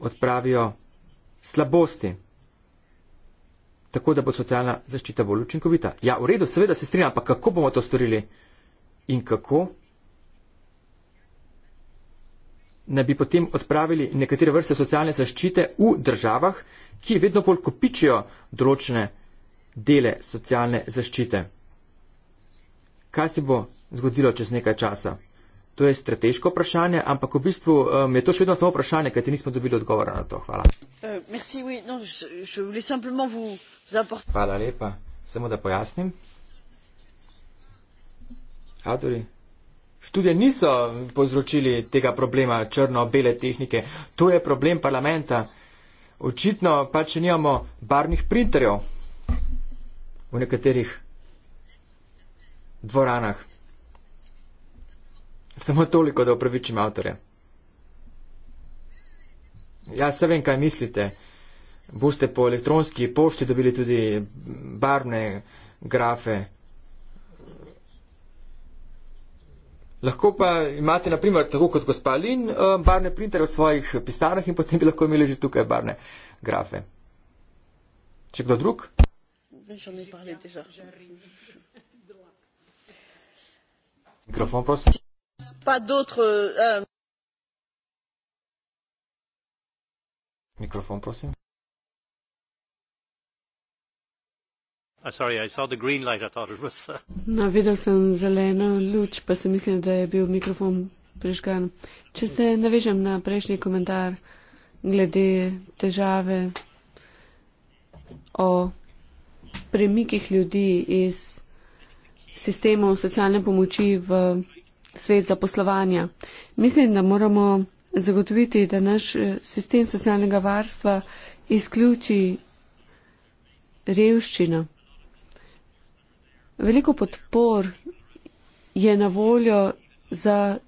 odpravijo slabosti, tako da bo socialna zaščita bolj učinkovita. Ja, v redu, seveda se strinjam, pa kako bomo to storili in kako ne bi potem odpravili nekatere vrste socialne zaščite v državah, ki vedno bolj kopičijo določene dele socialne zaščite. Kaj se bo zgodilo čez nekaj časa? To je strateško vprašanje, ampak v bistvu um, je to še vedno samo vprašanje, kajti nismo dobili odgovora na to. Hvala. Eh, Hvala lepa. Samo da pojasnim. Avtori. Študije niso povzročili tega problema črno-bele tehnike. To je problem parlamenta. Očitno pa če nimamo barvnih printerjev v nekaterih dvoranah. Samo toliko, da upravičim avtore. Ja, se vem, kaj mislite. Boste po elektronski pošti dobili tudi barvne grafe. Lahko pa imate, na primer, tako kot gospa Lin, eh, barne printere v svojih pisarnah in potem bi lahko imeli že tukaj barne grafe. Če kdo drug? Mikrofon, prosim. Pas d'autres. Euh... Microphone, prosim. No, videl sem zeleno luč, pa sem mislil, da je bil mikrofon prižgan. Če se navežem na prejšnji komentar glede težave o premikih ljudi iz sistemov socialne pomoči v svet zaposlovanja. Mislim, da moramo zagotoviti, da naš eh, sistem socialnega varstva izključi revščino. Veliko podpor je na voljo za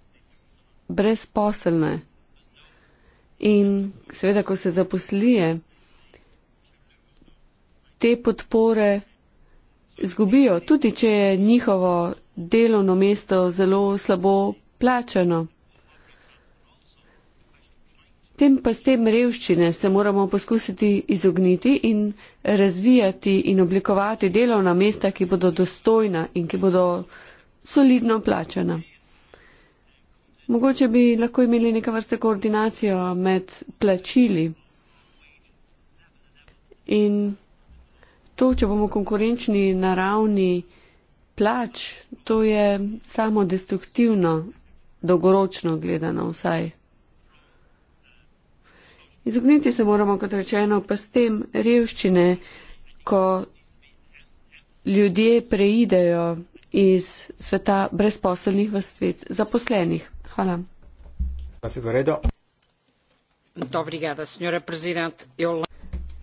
brezposelne in seveda, ko se zaposlije, te podpore izgubijo, tudi če je njihovo delovno mesto zelo slabo plačano. Tem pa s tem revščine se moramo poskusiti izogniti in razvijati in oblikovati delovna mesta, ki bodo dostojna in ki bodo solidno plačana. Mogoče bi lahko imeli neka vrste koordinacijo med plačili in to, če bomo konkurenčni na ravni plač, to je samo destruktivno, dolgoročno gledano vsaj. Izogniti se moramo, kot rečeno, pa s tem revščine, ko ljudje preidejo iz sveta brezposelnih v svet zaposlenih. Hvala.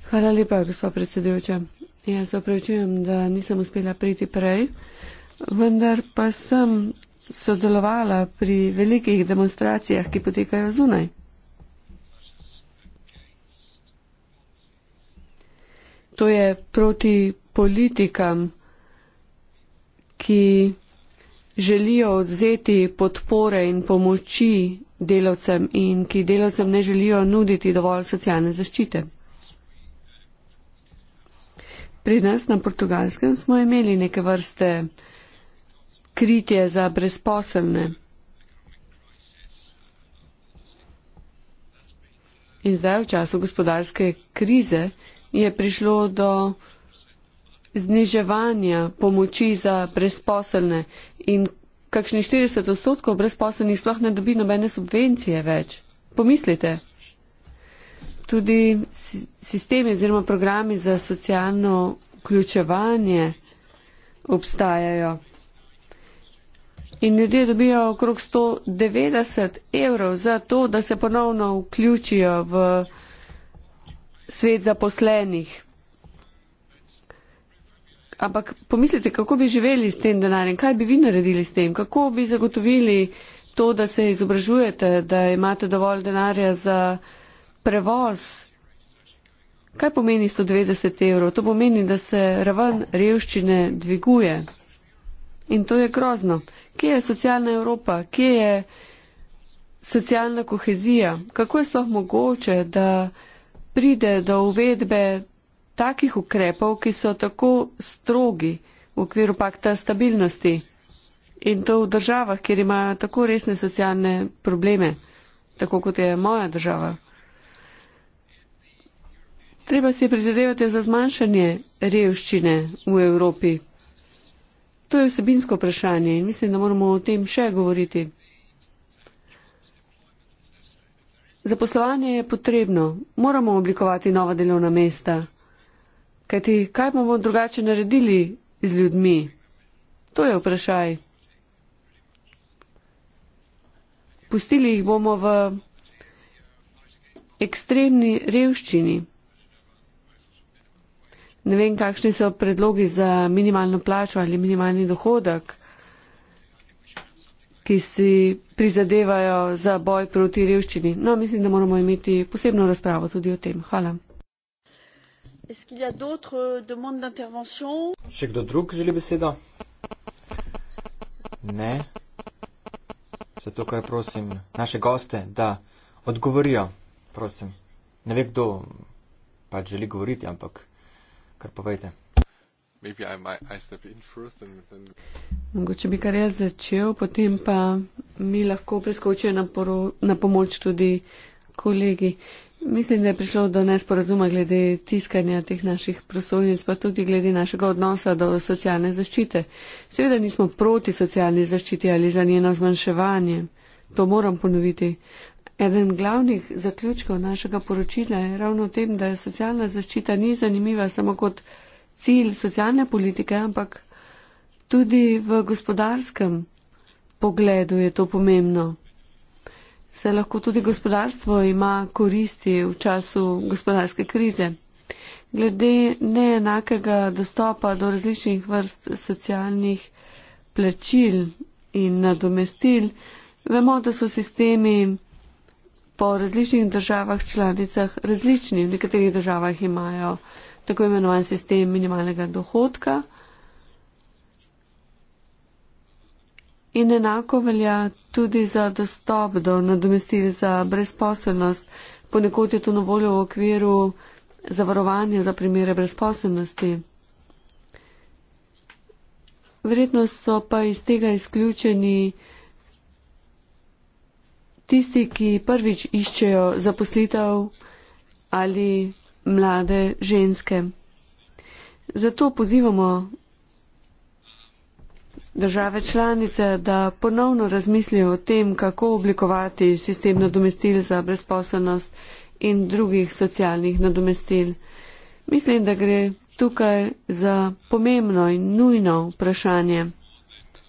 Hvala lepa, gospod predsedujoča. Jaz se opravičujem, da nisem uspela priti prej, vendar pa sem sodelovala pri velikih demonstracijah, ki potekajo zunaj. To je proti politikam, ki želijo odzeti podpore in pomoči delavcem in ki delavcem ne želijo nuditi dovolj socialne zaščite. Pri nas na portugalskem smo imeli neke vrste kritje za brezposelne. In zdaj v času gospodarske krize je prišlo do zniževanja pomoči za brezposelne in kakšni 40 odstotkov brezposelnih sploh ne dobi nobene subvencije več. Pomislite tudi sistemi oziroma programi za socialno vključevanje obstajajo. In ljudje dobijo okrog 190 evrov za to, da se ponovno vključijo v svet zaposlenih. Ampak pomislite, kako bi živeli s tem denarjem, kaj bi vi naredili s tem, kako bi zagotovili to, da se izobražujete, da imate dovolj denarja za prevoz. Kaj pomeni 120 evrov? To pomeni, da se raven revščine dviguje. In to je grozno. Kje je socialna Evropa? Kje je socialna kohezija? Kako je sploh mogoče, da pride do uvedbe takih ukrepov, ki so tako strogi v okviru pakta stabilnosti? In to v državah, kjer ima tako resne socialne probleme, tako kot je moja država. Treba si prizadevati za zmanjšanje revščine v Evropi. To je vsebinsko vprašanje in mislim, da moramo o tem še govoriti. Zaposlovanje je potrebno, moramo oblikovati nova delovna mesta. Kajti kaj bomo drugače naredili z ljudmi? To je vprašaj. Pustili jih bomo v ekstremni revščini. Ne vem, kakšni so predlogi za minimalno plačo ali minimalni dohodek, ki si prizadevajo za boj proti revščini. No, mislim, da moramo imeti posebno razpravo tudi o tem. Hvala. Euh, Še kdo drug želi besedo? Ne. Zato, ker prosim naše goste, da odgovorijo. Prosim. Ne vem, kdo pač želi govoriti, ampak kar povejte. Mogoče bi kar jaz začel, potem pa mi lahko preskočijo na, na pomoč tudi kolegi. Mislim, da je prišlo do nesporazuma glede tiskanja teh naših prosojnic, pa tudi glede našega odnosa do socialne zaščite. Seveda nismo proti socialni zaščiti ali za njeno zmanjševanje. To moram ponoviti. Eden glavnih zaključkov našega poročila je ravno v tem, da je socialna zaščita ni zanimiva samo kot cilj socialne politike, ampak tudi v gospodarskem pogledu je to pomembno. Se lahko tudi gospodarstvo ima koristi v času gospodarske krize. Glede neenakega dostopa do različnih vrst socialnih plačil in nadomestil, vemo, da so sistemi po različnih državah članicah različni. V nekaterih državah imajo tako imenovan sistem minimalnega dohodka. In enako velja tudi za dostop do nadomestil za brezposobnost. Ponekod je to na voljo v okviru zavarovanja za primere brezposobnosti. Verjetno so pa iz tega izključeni tisti, ki prvič iščejo zaposlitev ali mlade ženske. Zato pozivamo države članice, da ponovno razmislijo o tem, kako oblikovati sistem nadomestil za brezposobnost in drugih socialnih nadomestil. Mislim, da gre tukaj za pomembno in nujno vprašanje,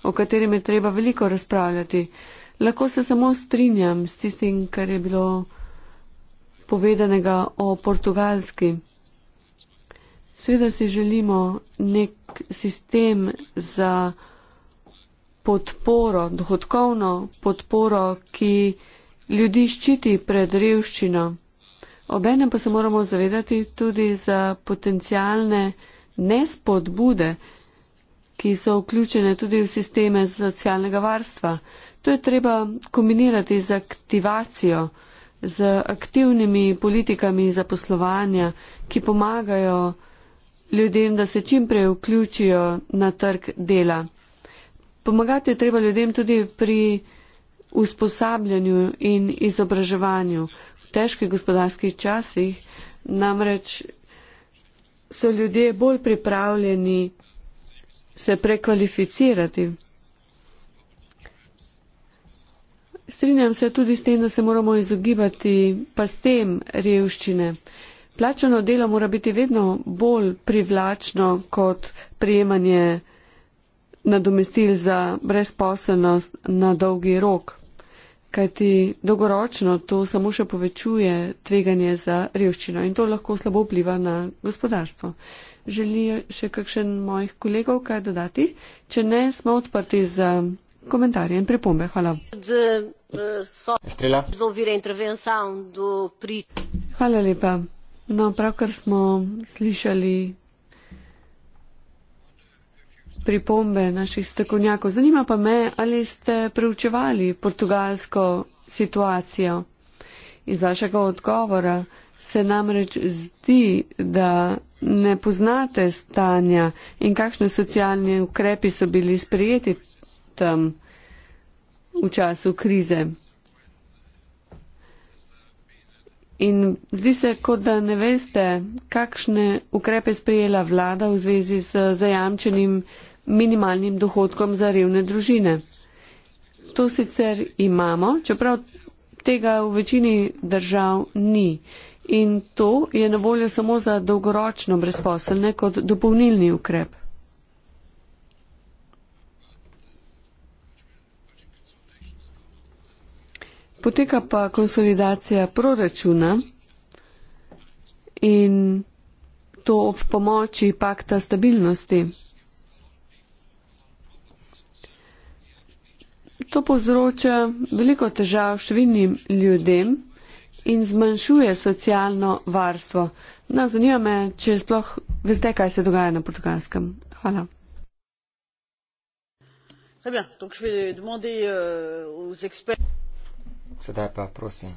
o katerem je treba veliko razpravljati. Lahko se samo strinjam s tistim, kar je bilo povedanega o portugalski. Sveda si želimo nek sistem za podporo, dohodkovno podporo, ki ljudi ščiti pred revščino. Obenem pa se moramo zavedati tudi za potencialne nespodbude, ki so vključene tudi v sisteme socialnega varstva. To je treba kombinirati z aktivacijo, z aktivnimi politikami zaposlovanja, ki pomagajo ljudem, da se čim prej vključijo na trg dela. Pomagati je treba ljudem tudi pri usposabljanju in izobraževanju. V težkih gospodarskih časih namreč so ljudje bolj pripravljeni se prekvalificirati. Strinjam se tudi s tem, da se moramo izogibati pa s tem revščine. Plačano delo mora biti vedno bolj privlačno kot prijemanje nadomestil za brezposelnost na dolgi rok, kajti dolgoročno to samo še povečuje tveganje za revščino in to lahko slabo vpliva na gospodarstvo. Želi še kakšen mojih kolegov kaj dodati? Če ne, smo odprti za komentarje in pripombe. Hvala. Eh, Hvala lepa. No, pravkar smo slišali pripombe naših strokovnjakov. Zanima pa me, ali ste preučevali portugalsko situacijo. Iz vašega odgovora se namreč zdi, da ne poznate stanja in kakšni socialni ukrepi so bili sprejeti tam v času krize. In zdi se, kot da ne veste, kakšne ukrepe sprejela vlada v zvezi z zajamčenim minimalnim dohodkom za revne družine. To sicer imamo, čeprav tega v večini držav ni in to je na voljo samo za dolgoročno brezposelne kot dopolnilni ukrep. Poteka pa konsolidacija proračuna in to ob pomoči pakta stabilnosti. To povzroča veliko težav številnim ljudem in zmanjšuje socialno varstvo. No, zanima me, če sploh veste, kaj se dogaja na portugalskem. Hvala. Euh, Sedaj pa prosim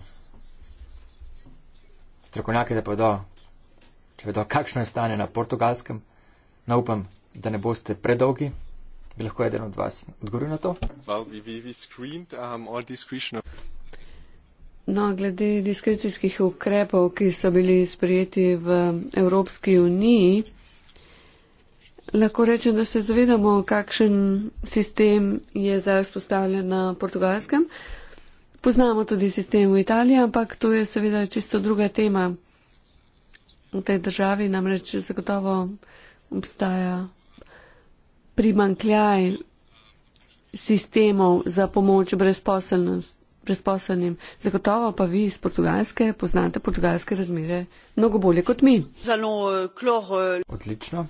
strokovnjake, da povedo, če vedo, kakšno je stanje na portugalskem. Naupam, no, da ne boste predolgi. Bi lahko eden od vas odgovoril na to? Um, No, glede diskrecijskih ukrepov, ki so bili sprijeti v Evropski uniji, lahko rečem, da se zavedamo, kakšen sistem je zdaj vzpostavljen na portugalskem. Poznamo tudi sistem v Italiji, ampak to je seveda čisto druga tema. V tej državi namreč zagotovo obstaja primankljaj sistemov za pomoč brezposelnosti brezposobnim. Zagotovo pa vi iz Portugalske poznate portugalske razmere mnogo bolje kot mi. Euh, euh, Odlično.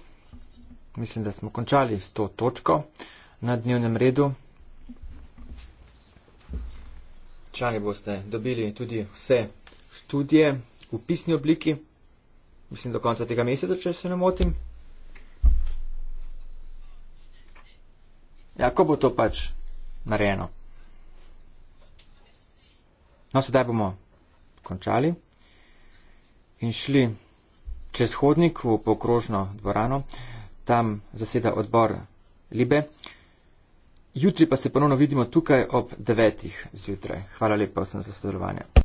Mislim, da smo končali s to točko na dnevnem redu. Čaj boste dobili tudi vse študije v pisni obliki. Mislim, do konca tega meseca, če se ne motim. Ja, ko bo to pač narejeno. No, sedaj bomo končali in šli čez hodnik v pokrožno dvorano, tam zaseda odbor Libe. Jutri pa se ponovno vidimo tukaj ob devetih zjutraj. Hvala lepa vsem za sodelovanje.